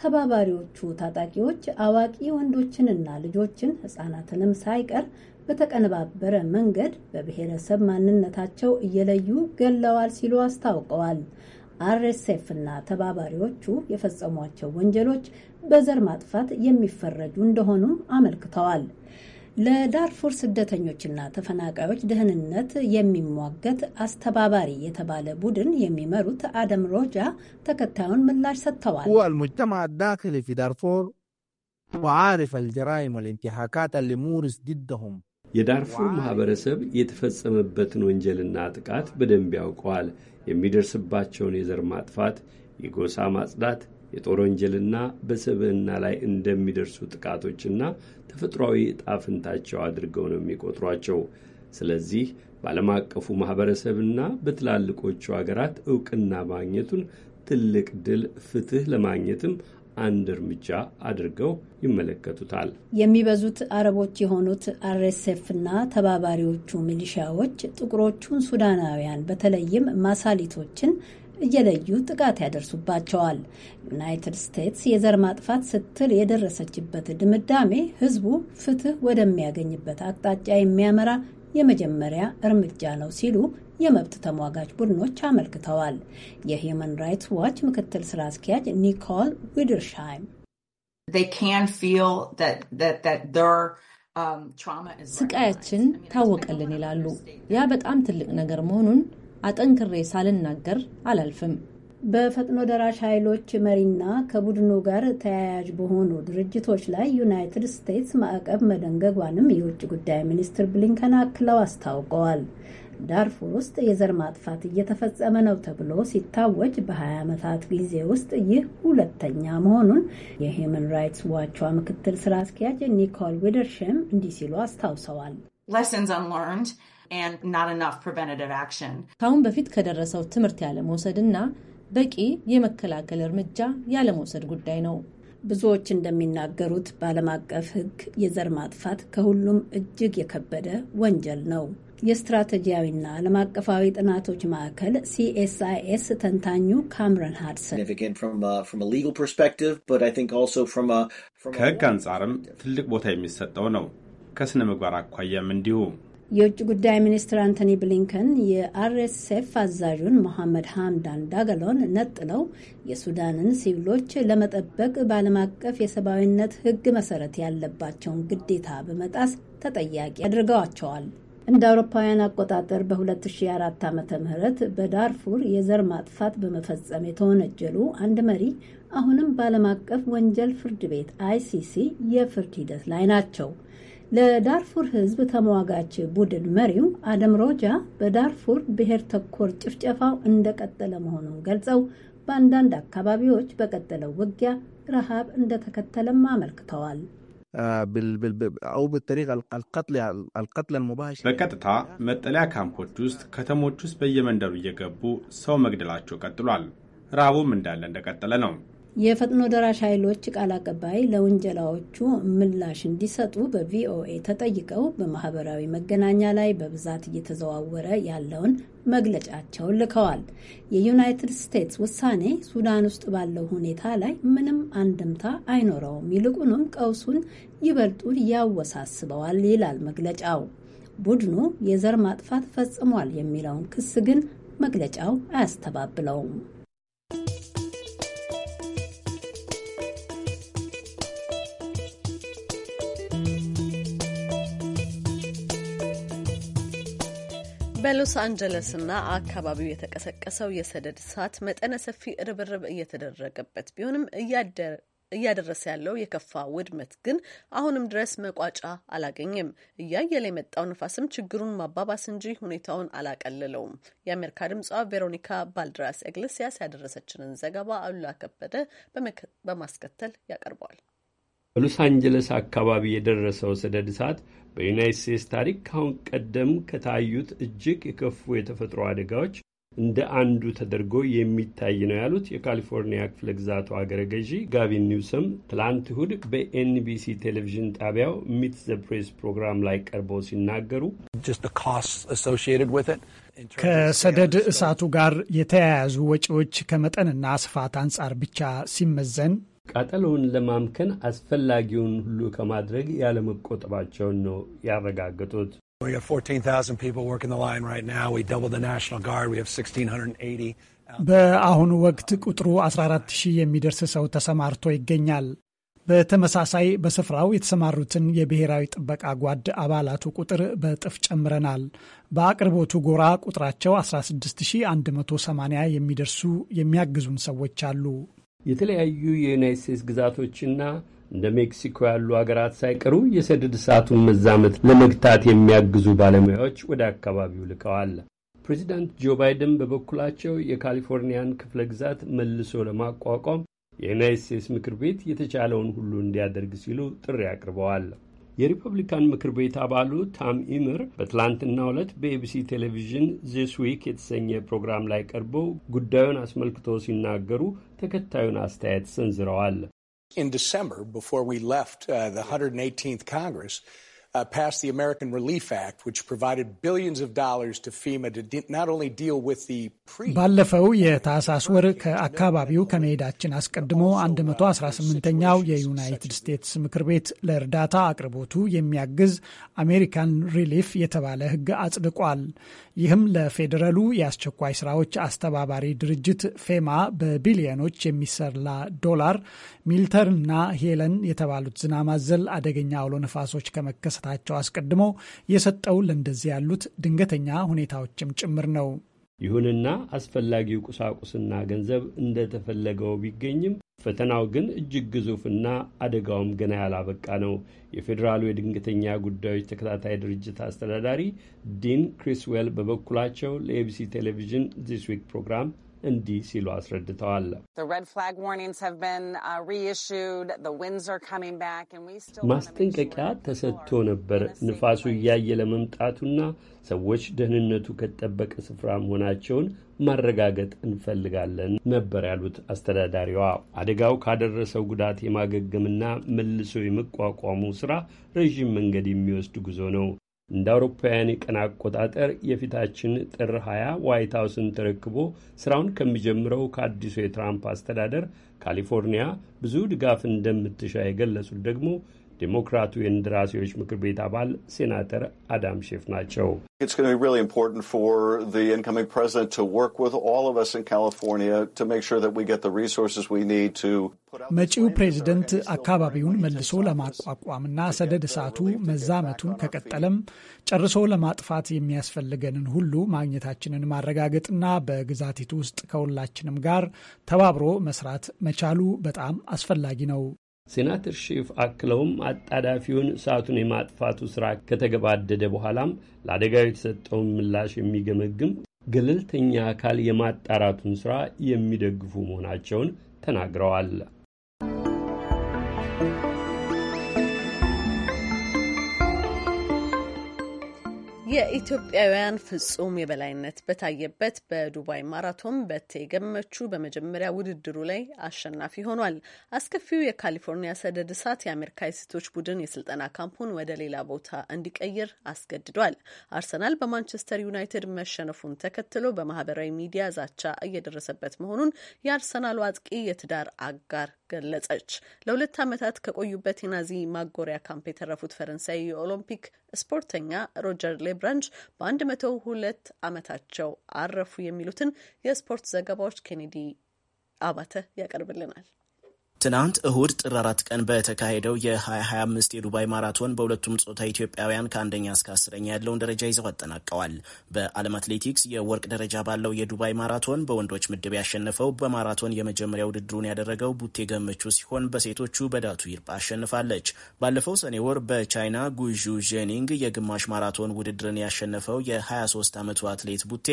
ተባባሪዎቹ ታጣቂዎች አዋቂ ወንዶችንና ልጆችን ሕጻናትንም ሳይቀር በተቀነባበረ መንገድ በብሔረሰብ ማንነታቸው እየለዩ ገለዋል ሲሉ አስታውቀዋል። አርኤስኤፍ እና ተባባሪዎቹ የፈጸሟቸው ወንጀሎች በዘር ማጥፋት የሚፈረጁ እንደሆኑም አመልክተዋል። ለዳርፉር ስደተኞችና ተፈናቃዮች ደህንነት የሚሟገት አስተባባሪ የተባለ ቡድን የሚመሩት አደም ሮጃ ተከታዩን ምላሽ ሰጥተዋል። ልሙጅተማ ዳክል ፊ ዳርፉር አልጀራይም ወልኢንቲሃካት ድደሁም የዳርፉር የተፈጸመበትን ወንጀልና ጥቃት በደንብ ያውቀዋል። የሚደርስባቸውን የዘር ማጥፋት፣ የጎሳ ማጽዳት የጦር ወንጀልና በሰብዕና ላይ እንደሚደርሱ ጥቃቶችና ተፈጥሯዊ ጣፍንታቸው አድርገው ነው የሚቆጥሯቸው። ስለዚህ በዓለም አቀፉ ማኅበረሰብና በትላልቆቹ አገራት ዕውቅና ማግኘቱን ትልቅ ድል፣ ፍትህ ለማግኘትም አንድ እርምጃ አድርገው ይመለከቱታል። የሚበዙት አረቦች የሆኑት አርኤስኤፍና ተባባሪዎቹ ሚሊሻዎች ጥቁሮቹን ሱዳናውያን በተለይም ማሳሊቶችን እየለዩ ጥቃት ያደርሱባቸዋል። ዩናይትድ ስቴትስ የዘር ማጥፋት ስትል የደረሰችበት ድምዳሜ ሕዝቡ ፍትህ ወደሚያገኝበት አቅጣጫ የሚያመራ የመጀመሪያ እርምጃ ነው ሲሉ የመብት ተሟጋች ቡድኖች አመልክተዋል። የሂውማን ራይትስ ዋች ምክትል ስራ አስኪያጅ ኒኮል ዊድርሻይም um, ስቃያችን ታወቀልን ይላሉ። ያ በጣም ትልቅ ነገር መሆኑን አጠንክሬ ሳልናገር አላልፍም። በፈጥኖ ደራሽ ኃይሎች መሪና ከቡድኑ ጋር ተያያዥ በሆኑ ድርጅቶች ላይ ዩናይትድ ስቴትስ ማዕቀብ መደንገጓንም የውጭ ጉዳይ ሚኒስትር ብሊንከን አክለው አስታውቀዋል። ዳርፉር ውስጥ የዘር ማጥፋት እየተፈጸመ ነው ተብሎ ሲታወጅ በ20 ዓመታት ጊዜ ውስጥ ይህ ሁለተኛ መሆኑን የሂውማን ራይትስ ዋቿ ምክትል ስራ አስኪያጅ ኒኮል ዊደርሽም እንዲህ ሲሉ አስታውሰዋል። ከአሁን በፊት ከደረሰው ትምህርት ያለመውሰድና በቂ የመከላከል እርምጃ ያለመውሰድ ጉዳይ ነው። ብዙዎች እንደሚናገሩት በዓለም አቀፍ ሕግ የዘር ማጥፋት ከሁሉም እጅግ የከበደ ወንጀል ነው። የስትራቴጂያዊና ዓለም አቀፋዊ ጥናቶች ማዕከል ሲኤስአይኤስ ተንታኙ ካምረን ሃድሰን uh, ከሕግ አንጻርም ትልቅ ቦታ የሚሰጠው ነው። ከስነ ምግባር አኳያም እንዲሁ የውጭ ጉዳይ ሚኒስትር አንቶኒ ብሊንከን የአርኤስኤፍ አዛዡን መሐመድ ሐምዳን ዳገሎን ነጥለው የሱዳንን ሲቪሎች ለመጠበቅ በዓለም አቀፍ የሰብአዊነት ሕግ መሰረት ያለባቸውን ግዴታ በመጣስ ተጠያቂ አድርገዋቸዋል። እንደ አውሮፓውያን አቆጣጠር በ2004 ዓ ም በዳርፉር የዘር ማጥፋት በመፈጸም የተወነጀሉ አንድ መሪ አሁንም በዓለም አቀፍ ወንጀል ፍርድ ቤት አይሲሲ የፍርድ ሂደት ላይ ናቸው። ለዳርፉር ሕዝብ ተሟጋች ቡድን መሪው አደም ሮጃ በዳርፉር ብሔር ተኮር ጭፍጨፋው እንደቀጠለ መሆኑን ገልጸው በአንዳንድ አካባቢዎች በቀጠለው ውጊያ ረሃብ እንደተከተለም አመልክተዋል። በቀጥታ መጠለያ ካምፖች ውስጥ ከተሞች ውስጥ በየመንደሩ እየገቡ ሰው መግደላቸው ቀጥሏል። ረሃቡም እንዳለ እንደቀጠለ ነው። የፈጥኖ ደራሽ ኃይሎች ቃል አቀባይ ለውንጀላዎቹ ምላሽ እንዲሰጡ በቪኦኤ ተጠይቀው በማህበራዊ መገናኛ ላይ በብዛት እየተዘዋወረ ያለውን መግለጫቸውን ልከዋል። የዩናይትድ ስቴትስ ውሳኔ ሱዳን ውስጥ ባለው ሁኔታ ላይ ምንም አንድምታ አይኖረውም፣ ይልቁንም ቀውሱን ይበልጡን ያወሳስበዋል ይላል መግለጫው። ቡድኑ የዘር ማጥፋት ፈጽሟል የሚለውን ክስ ግን መግለጫው አያስተባብለውም። በሎስ አንጀለስና አካባቢው የተቀሰቀሰው የሰደድ እሳት መጠነ ሰፊ ርብርብ እየተደረገበት ቢሆንም እያደረሰ ያለው የከፋ ውድመት ግን አሁንም ድረስ መቋጫ አላገኘም። እያየለ የመጣው ንፋስም ችግሩን ማባባስ እንጂ ሁኔታውን አላቀልለውም። የአሜሪካ ድምጿ ቬሮኒካ ባልድራስ ኤግሌሲያስ ያደረሰችንን ዘገባ አሉላ ከበደ በማስከተል ያቀርበዋል። በሎስ አንጀለስ አካባቢ የደረሰው ሰደድ እሳት በዩናይት ስቴትስ ታሪክ ካሁን ቀደም ከታዩት እጅግ የከፉ የተፈጥሮ አደጋዎች እንደ አንዱ ተደርጎ የሚታይ ነው ያሉት የካሊፎርኒያ ክፍለ ግዛቱ አገረ ገዢ ጋቪን ኒውሰም ትላንት እሁድ በኤንቢሲ ቴሌቪዥን ጣቢያው ሚት ዘ ፕሬስ ፕሮግራም ላይ ቀርበው ሲናገሩ ከሰደድ እሳቱ ጋር የተያያዙ ወጪዎች ከመጠንና ስፋት አንጻር ብቻ ሲመዘን ቃጠሎውን ለማምከን አስፈላጊውን ሁሉ ከማድረግ ያለመቆጠባቸውን ነው ያረጋገጡት። uh, በአሁኑ ወቅት ቁጥሩ 14,000 የሚደርስ ሰው ተሰማርቶ ይገኛል። በተመሳሳይ በስፍራው የተሰማሩትን የብሔራዊ ጥበቃ ጓድ አባላቱ ቁጥር በእጥፍ ጨምረናል። በአቅርቦቱ ጎራ ቁጥራቸው 16180 የሚደርሱ የሚያግዙን ሰዎች አሉ። የተለያዩ የዩናይት ስቴትስ ግዛቶችና እንደ ሜክሲኮ ያሉ ሀገራት ሳይቀሩ የሰደድ እሳቱን መዛመት ለመግታት የሚያግዙ ባለሙያዎች ወደ አካባቢው ልከዋል። ፕሬዚዳንት ጆ ባይደን በበኩላቸው የካሊፎርኒያን ክፍለ ግዛት መልሶ ለማቋቋም የዩናይት ስቴትስ ምክር ቤት የተቻለውን ሁሉ እንዲያደርግ ሲሉ ጥሪ አቅርበዋል። የሪፐብሊካን ምክር ቤት አባሉ ታም ኢምር በትላንትናው ዕለት በኤቢሲ ቴሌቪዥን ዚስ ዊክ የተሰኘ ፕሮግራም ላይ ቀርበው ጉዳዩን አስመልክቶ ሲናገሩ ተከታዩን አስተያየት ሰንዝረዋል። In December, before we left uh, the 118th Congress, uh, passed the American Relief Act, which provided billions of dollars to FEMA to de- not only deal with the pre- ባለፈው የታህሳስ ወር ከአካባቢው ከመሄዳችን አስቀድሞ 118ኛው የዩናይትድ ስቴትስ ምክር ቤት ለእርዳታ አቅርቦቱ የሚያግዝ አሜሪካን ሪሊፍ የተባለ ሕግ አጽድቋል። ይህም ለፌዴራሉ የአስቸኳይ ስራዎች አስተባባሪ ድርጅት ፌማ በቢሊዮኖች የሚሰላ ዶላር ሚልተርና ሄለን የተባሉት ዝናማዘል አደገኛ አውሎ ነፋሶች ከመከሰታ ከመውጣታቸው አስቀድሞ የሰጠው ለእንደዚህ ያሉት ድንገተኛ ሁኔታዎችም ጭምር ነው። ይሁንና አስፈላጊው ቁሳቁስና ገንዘብ እንደተፈለገው ቢገኝም ፈተናው ግን እጅግ ግዙፍና አደጋውም ገና ያላበቃ ነው። የፌዴራሉ የድንገተኛ ጉዳዮች ተከታታይ ድርጅት አስተዳዳሪ ዲን ክሪስዌል በበኩላቸው ለኤቢሲ ቴሌቪዥን ዚስ ዊክ ፕሮግራም እንዲህ ሲሉ አስረድተዋል። uh, ማስጠንቀቂያ ተሰጥቶ ነበር። ንፋሱ እያየ ለመምጣቱና ሰዎች ደህንነቱ ከተጠበቀ ስፍራ መሆናቸውን ማረጋገጥ እንፈልጋለን ነበር ያሉት አስተዳዳሪዋ። አደጋው ካደረሰው ጉዳት የማገገምና መልሶ የመቋቋሙ ስራ ረዥም መንገድ የሚወስድ ጉዞ ነው። እንደ አውሮፓውያን የቀን አቆጣጠር የፊታችን ጥር 20 ዋይት ሀውስን ተረክቦ ስራውን ከሚጀምረው ከአዲሱ የትራምፕ አስተዳደር ካሊፎርኒያ ብዙ ድጋፍ እንደምትሻ የገለጹት ደግሞ ዴሞክራቱ የእንደራሴዎች ምክር ቤት አባል ሴናተር አዳም ሼፍ ናቸው። መጪው ፕሬዚደንት አካባቢውን መልሶ ለማቋቋምና ሰደድ እሳቱ መዛመቱን ከቀጠለም ጨርሶ ለማጥፋት የሚያስፈልገንን ሁሉ ማግኘታችንን ማረጋገጥና በግዛቲቱ ውስጥ ከሁላችንም ጋር ተባብሮ መስራት መቻሉ በጣም አስፈላጊ ነው። ሴናተር ሺፍ አክለውም አጣዳፊውን እሳቱን የማጥፋቱ ስራ ከተገባደደ በኋላም ለአደጋው የተሰጠውን ምላሽ የሚገመግም ገለልተኛ አካል የማጣራቱን ስራ የሚደግፉ መሆናቸውን ተናግረዋል። የኢትዮጵያውያን ፍጹም የበላይነት በታየበት በዱባይ ማራቶን በቴ ገመቹ በመጀመሪያ ውድድሩ ላይ አሸናፊ ሆኗል። አስከፊው የካሊፎርኒያ ሰደድ እሳት የአሜሪካ የሴቶች ቡድን የስልጠና ካምፑን ወደ ሌላ ቦታ እንዲቀይር አስገድዷል። አርሰናል በማንቸስተር ዩናይትድ መሸነፉን ተከትሎ በማህበራዊ ሚዲያ ዛቻ እየደረሰበት መሆኑን የአርሰናሉ አጥቂ የትዳር አጋር ገለጸች። ለሁለት ዓመታት ከቆዩበት የናዚ ማጎሪያ ካምፕ የተረፉት ፈረንሳይ የኦሎምፒክ ስፖርተኛ ሮጀር ሌ ብራንች በአንድ መቶ ሁለት ዓመታቸው አረፉ የሚሉትን የስፖርት ዘገባዎች ኬኔዲ አባተ ያቀርብልናል። ትናንት እሁድ ጥር አራት ቀን በተካሄደው የ2025 የዱባይ ማራቶን በሁለቱም ጾታ ኢትዮጵያውያን ከአንደኛ እስከ አስረኛ ያለውን ደረጃ ይዘው አጠናቀዋል። በዓለም አትሌቲክስ የወርቅ ደረጃ ባለው የዱባይ ማራቶን በወንዶች ምድብ ያሸነፈው በማራቶን የመጀመሪያ ውድድሩን ያደረገው ቡቴ ገመቹ ሲሆን በሴቶቹ በዳቱ ይርጳ አሸንፋለች። ባለፈው ሰኔ ወር በቻይና ጉዡ ዤኒንግ የግማሽ ማራቶን ውድድርን ያሸነፈው የ23 ዓመቱ አትሌት ቡቴ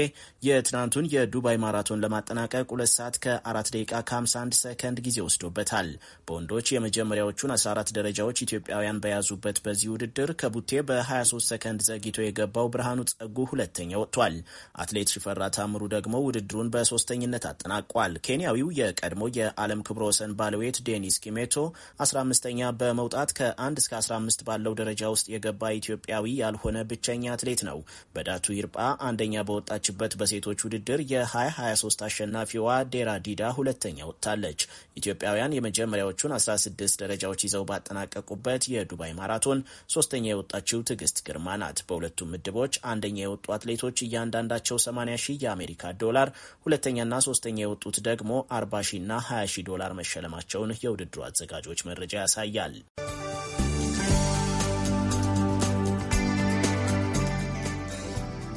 የትናንቱን የዱባይ ማራቶን ለማጠናቀቅ ሁለት ሰዓት ከ4 ደቂቃ ከ51 ሰከንድ ጊዜ ወስዶበታል። ይገኙበታል። በወንዶች የመጀመሪያዎቹን 14 ደረጃዎች ኢትዮጵያውያን በያዙበት በዚህ ውድድር ከቡቴ በ23 ሰከንድ ዘግይቶ የገባው ብርሃኑ ጸጉ ሁለተኛ ወጥቷል። አትሌት ሽፈራ ታምሩ ደግሞ ውድድሩን በሶስተኝነት አጠናቋል። ኬንያዊው የቀድሞ የዓለም ክብረ ወሰን ባለቤት ዴኒስ ኪሜቶ 15ኛ በመውጣት ከ1 እስከ 15 ባለው ደረጃ ውስጥ የገባ ኢትዮጵያዊ ያልሆነ ብቸኛ አትሌት ነው። በዳቱ ይርጳ አንደኛ በወጣችበት በሴቶች ውድድር የ2023 አሸናፊዋ ዴራ ዲዳ ሁለተኛ ወጥታለች። ኢትዮጵያውያን የመጀመሪያዎቹን 16 ደረጃዎች ይዘው ባጠናቀቁበት የዱባይ ማራቶን ሶስተኛ የወጣችው ትዕግስት ግርማ ናት። በሁለቱም ምድቦች አንደኛ የወጡ አትሌቶች እያንዳንዳቸው 80 ሺህ የአሜሪካ ዶላር፣ ሁለተኛና ሶስተኛ የወጡት ደግሞ 40 ና 20 ሺህ ዶላር መሸለማቸውን የውድድሩ አዘጋጆች መረጃ ያሳያል።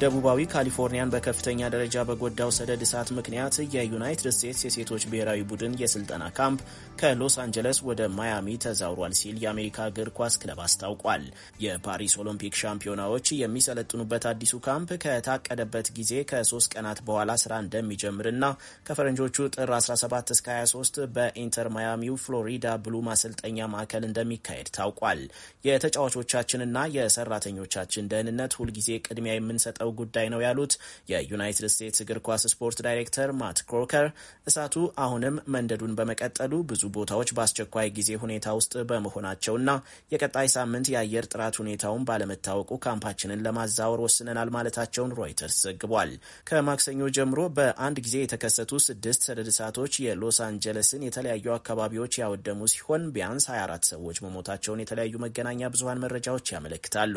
ደቡባዊ ካሊፎርኒያን በከፍተኛ ደረጃ በጎዳው ሰደድ እሳት ምክንያት የዩናይትድ ስቴትስ የሴቶች ብሔራዊ ቡድን የስልጠና ካምፕ ከሎስ አንጀለስ ወደ ማያሚ ተዛውሯል ሲል የአሜሪካ እግር ኳስ ክለብ አስታውቋል። የፓሪስ ኦሎምፒክ ሻምፒዮናዎች የሚሰለጥኑበት አዲሱ ካምፕ ከታቀደበት ጊዜ ከሶስት ቀናት በኋላ ስራ እንደሚጀምርና ከፈረንጆቹ ጥር 17 እስከ 23 በኢንተር ማያሚው ፍሎሪዳ ብሉ ማሰልጠኛ ማዕከል እንደሚካሄድ ታውቋል። የተጫዋቾቻችንና የሰራተኞቻችን ደህንነት ሁልጊዜ ቅድሚያ የምንሰጠው የሚቀረው ጉዳይ ነው ያሉት የዩናይትድ ስቴትስ እግር ኳስ ስፖርት ዳይሬክተር ማት ክሮከር እሳቱ አሁንም መንደዱን በመቀጠሉ ብዙ ቦታዎች በአስቸኳይ ጊዜ ሁኔታ ውስጥ በመሆናቸውና የቀጣይ ሳምንት የአየር ጥራት ሁኔታውን ባለመታወቁ ካምፓችንን ለማዛወር ወስነናል ማለታቸውን ሮይተርስ ዘግቧል። ከማክሰኞ ጀምሮ በአንድ ጊዜ የተከሰቱ ስድስት ሰደድ እሳቶች የሎስ አንጀለስን የተለያዩ አካባቢዎች ያወደሙ ሲሆን ቢያንስ 24 ሰዎች መሞታቸውን የተለያዩ መገናኛ ብዙሀን መረጃዎች ያመለክታሉ።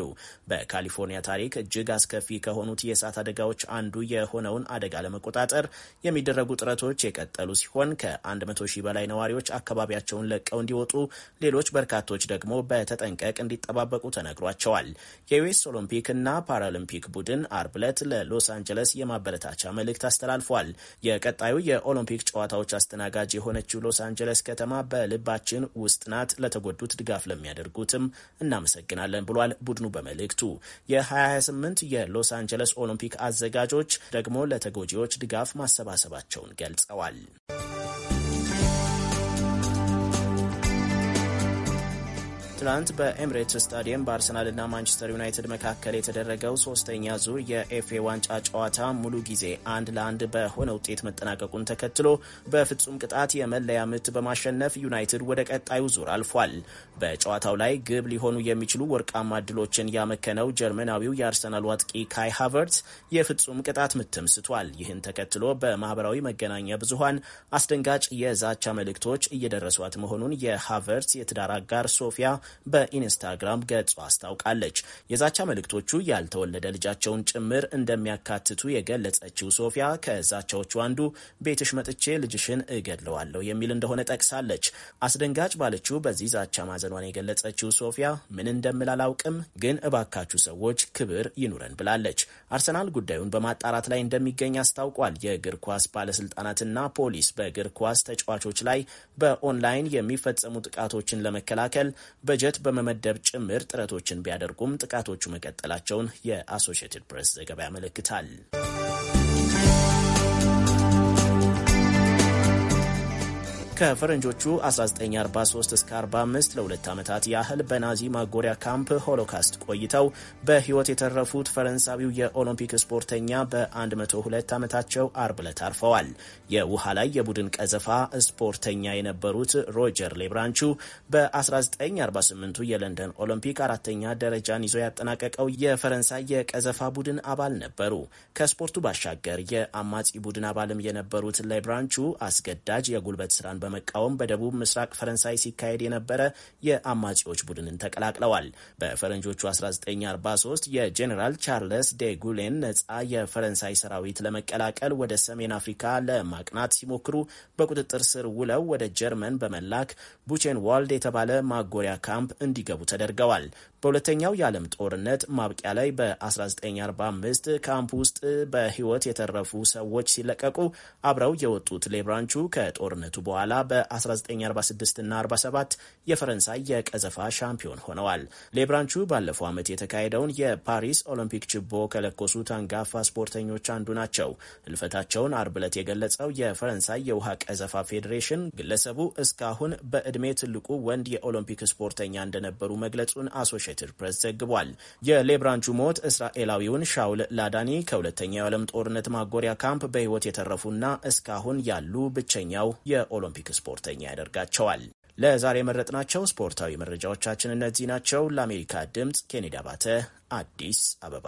በካሊፎርኒያ ታሪክ እጅግ አስከፊ ከሆነ ከሆኑት የእሳት አደጋዎች አንዱ የሆነውን አደጋ ለመቆጣጠር የሚደረጉ ጥረቶች የቀጠሉ ሲሆን ከ100 ሺህ በላይ ነዋሪዎች አካባቢያቸውን ለቀው እንዲወጡ፣ ሌሎች በርካቶች ደግሞ በተጠንቀቅ እንዲጠባበቁ ተነግሯቸዋል። የዩኤስ ኦሎምፒክ እና ፓራሊምፒክ ቡድን አርብ ዕለት ለሎስ አንጀለስ የማበረታቻ መልእክት አስተላልፏል። የቀጣዩ የኦሎምፒክ ጨዋታዎች አስተናጋጅ የሆነችው ሎስ አንጀለስ ከተማ በልባችን ውስጥ ናት፣ ለተጎዱት ድጋፍ ለሚያደርጉትም እናመሰግናለን ብሏል ቡድኑ በመልእክቱ የ2028 የሎስ አንጀለስ አንጀለስ ኦሎምፒክ አዘጋጆች ደግሞ ለተጎጂዎች ድጋፍ ማሰባሰባቸውን ገልጸዋል። ትናንት በኤምሬትስ ስታዲየም በአርሰናልና ማንቸስተር ዩናይትድ መካከል የተደረገው ሶስተኛ ዙር የኤፍኤ ዋንጫ ጨዋታ ሙሉ ጊዜ አንድ ለአንድ በሆነ ውጤት መጠናቀቁን ተከትሎ በፍጹም ቅጣት የመለያ ምት በማሸነፍ ዩናይትድ ወደ ቀጣዩ ዙር አልፏል። በጨዋታው ላይ ግብ ሊሆኑ የሚችሉ ወርቃማ እድሎችን ያመከነው ጀርመናዊው የአርሰናል አጥቂ ካይ ሃቨርት የፍጹም ቅጣት ምትም ስቷል። ይህን ተከትሎ በማህበራዊ መገናኛ ብዙሀን አስደንጋጭ የዛቻ መልእክቶች እየደረሷት መሆኑን የሃቨርት የትዳር አጋር ሶፊያ በኢንስታግራም ገጹ አስታውቃለች። የዛቻ መልእክቶቹ ያልተወለደ ልጃቸውን ጭምር እንደሚያካትቱ የገለጸችው ሶፊያ ከዛቻዎቹ አንዱ ቤትሽ መጥቼ ልጅሽን እገድለዋለሁ የሚል እንደሆነ ጠቅሳለች። አስደንጋጭ ባለችው በዚህ ዛቻ ማዘኗን የገለጸችው ሶፊያ ምን እንደምል አላውቅም፣ ግን እባካችሁ ሰዎች ክብር ይኑረን ብላለች። አርሰናል ጉዳዩን በማጣራት ላይ እንደሚገኝ አስታውቋል። የእግር ኳስ ባለስልጣናትና ፖሊስ በእግር ኳስ ተጫዋቾች ላይ በኦንላይን የሚፈጸሙ ጥቃቶችን ለመከላከል በ በጀት በመመደብ ጭምር ጥረቶችን ቢያደርጉም ጥቃቶቹ መቀጠላቸውን የአሶሺየትድ ፕሬስ ዘገባ ያመለክታል። ከፈረንጆቹ 1943 45 ለሁለት ዓመታት ያህል በናዚ ማጎሪያ ካምፕ ሆሎካስት ቆይተው በሕይወት የተረፉት ፈረንሳዊው የኦሎምፒክ ስፖርተኛ በ102 ዓመታቸው አርብ ዕለት አርፈዋል። የውሃ ላይ የቡድን ቀዘፋ ስፖርተኛ የነበሩት ሮጀር ሌብራንቹ በ1948 የለንደን ኦሎምፒክ አራተኛ ደረጃን ይዞ ያጠናቀቀው የፈረንሳይ የቀዘፋ ቡድን አባል ነበሩ። ከስፖርቱ ባሻገር የአማጺ ቡድን አባልም የነበሩት ሌብራንቹ አስገዳጅ የጉልበት ስራን በመቃወም በደቡብ ምስራቅ ፈረንሳይ ሲካሄድ የነበረ የአማጺዎች ቡድንን ተቀላቅለዋል። በፈረንጆቹ 1943 የጄኔራል ቻርለስ ዴ ጉሌን ነጻ የፈረንሳይ ሰራዊት ለመቀላቀል ወደ ሰሜን አፍሪካ ለማቅናት ሲሞክሩ በቁጥጥር ስር ውለው ወደ ጀርመን በመላክ ዋልድ የተባለ ማጎሪያ ካምፕ እንዲገቡ ተደርገዋል። በሁለተኛው የዓለም ጦርነት ማብቂያ ላይ በ1945 ካምፕ ውስጥ በህይወት የተረፉ ሰዎች ሲለቀቁ አብረው የወጡት ሌብራንቹ ከጦርነቱ በኋላ በ1946 እና 47 የፈረንሳይ የቀዘፋ ሻምፒዮን ሆነዋል። ሌብራንቹ ባለፈው ዓመት የተካሄደውን የፓሪስ ኦሎምፒክ ችቦ ከለኮሱት አንጋፋ ስፖርተኞች አንዱ ናቸው። ህልፈታቸውን አርብ ዕለት የገለጸው የፈረንሳይ የውሃ ቀዘፋ ፌዴሬሽን ግለሰቡ እስካሁን በዕድሜ ትልቁ ወንድ የኦሎምፒክ ስፖርተኛ እንደነበሩ መግለጹን አሶሽ አሶሽትድ ፕሬስ ዘግቧል። የሌብራንቹ ሞት እስራኤላዊውን ሻውል ላዳኒ ከሁለተኛው የዓለም ጦርነት ማጎሪያ ካምፕ በሕይወት የተረፉና እስካሁን ያሉ ብቸኛው የኦሎምፒክ ስፖርተኛ ያደርጋቸዋል። ለዛሬ የመረጥናቸው ስፖርታዊ መረጃዎቻችን እነዚህ ናቸው። ለአሜሪካ ድምፅ ኬኔዲ አባተ አዲስ አበባ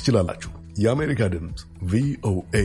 ትችላላችሁ። የአሜሪካ ድምፅ ቪኦኤ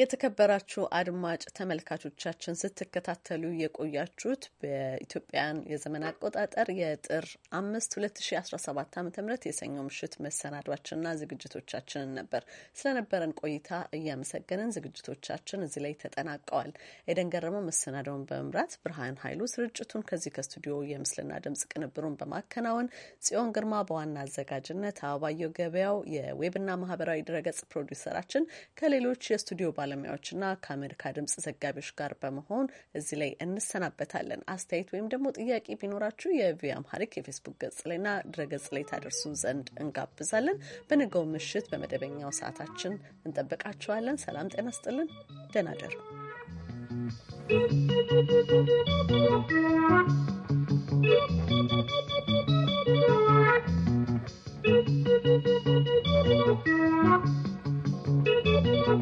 የተከበራችሁ አድማጭ ተመልካቾቻችን ስትከታተሉ የቆያችሁት በኢትዮጵያን የዘመን አቆጣጠር የጥር አምስት ሁለት ሺ አስራ ሰባት ዓመተ ምህረት የሰኞ ምሽት መሰናዷችንና ዝግጅቶቻችንን ነበር። ስለነበረን ቆይታ እያመሰገንን ዝግጅቶቻችን እዚህ ላይ ተጠናቀዋል። ኤደን ገረመው መሰናዳውን በመምራት ብርሃን ኃይሉ ስርጭቱን ከዚህ ከስቱዲዮ የምስልና ድምጽ ቅንብሩን በማከናወን ጽዮን ግርማ በዋና አዘጋጅነት አበባየው ገበያው የዌብና ማህበራዊ ድረገጽ ፕሮዲውሰራችን ከሌሎች የስቱዲዮ ባ ባለሙያዎችና ከአሜሪካ ድምጽ ዘጋቢዎች ጋር በመሆን እዚህ ላይ እንሰናበታለን። አስተያየት ወይም ደግሞ ጥያቄ ቢኖራችሁ የቪ አምሃሪክ የፌስቡክ ገጽ ላይና ድረገጽ ላይ ታደርሱን ዘንድ እንጋብዛለን። በነገው ምሽት በመደበኛው ሰዓታችን እንጠብቃችኋለን። ሰላም ጤና ስጥልን። ደህና ደሩ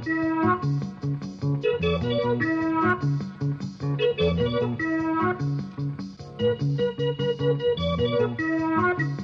Thank you.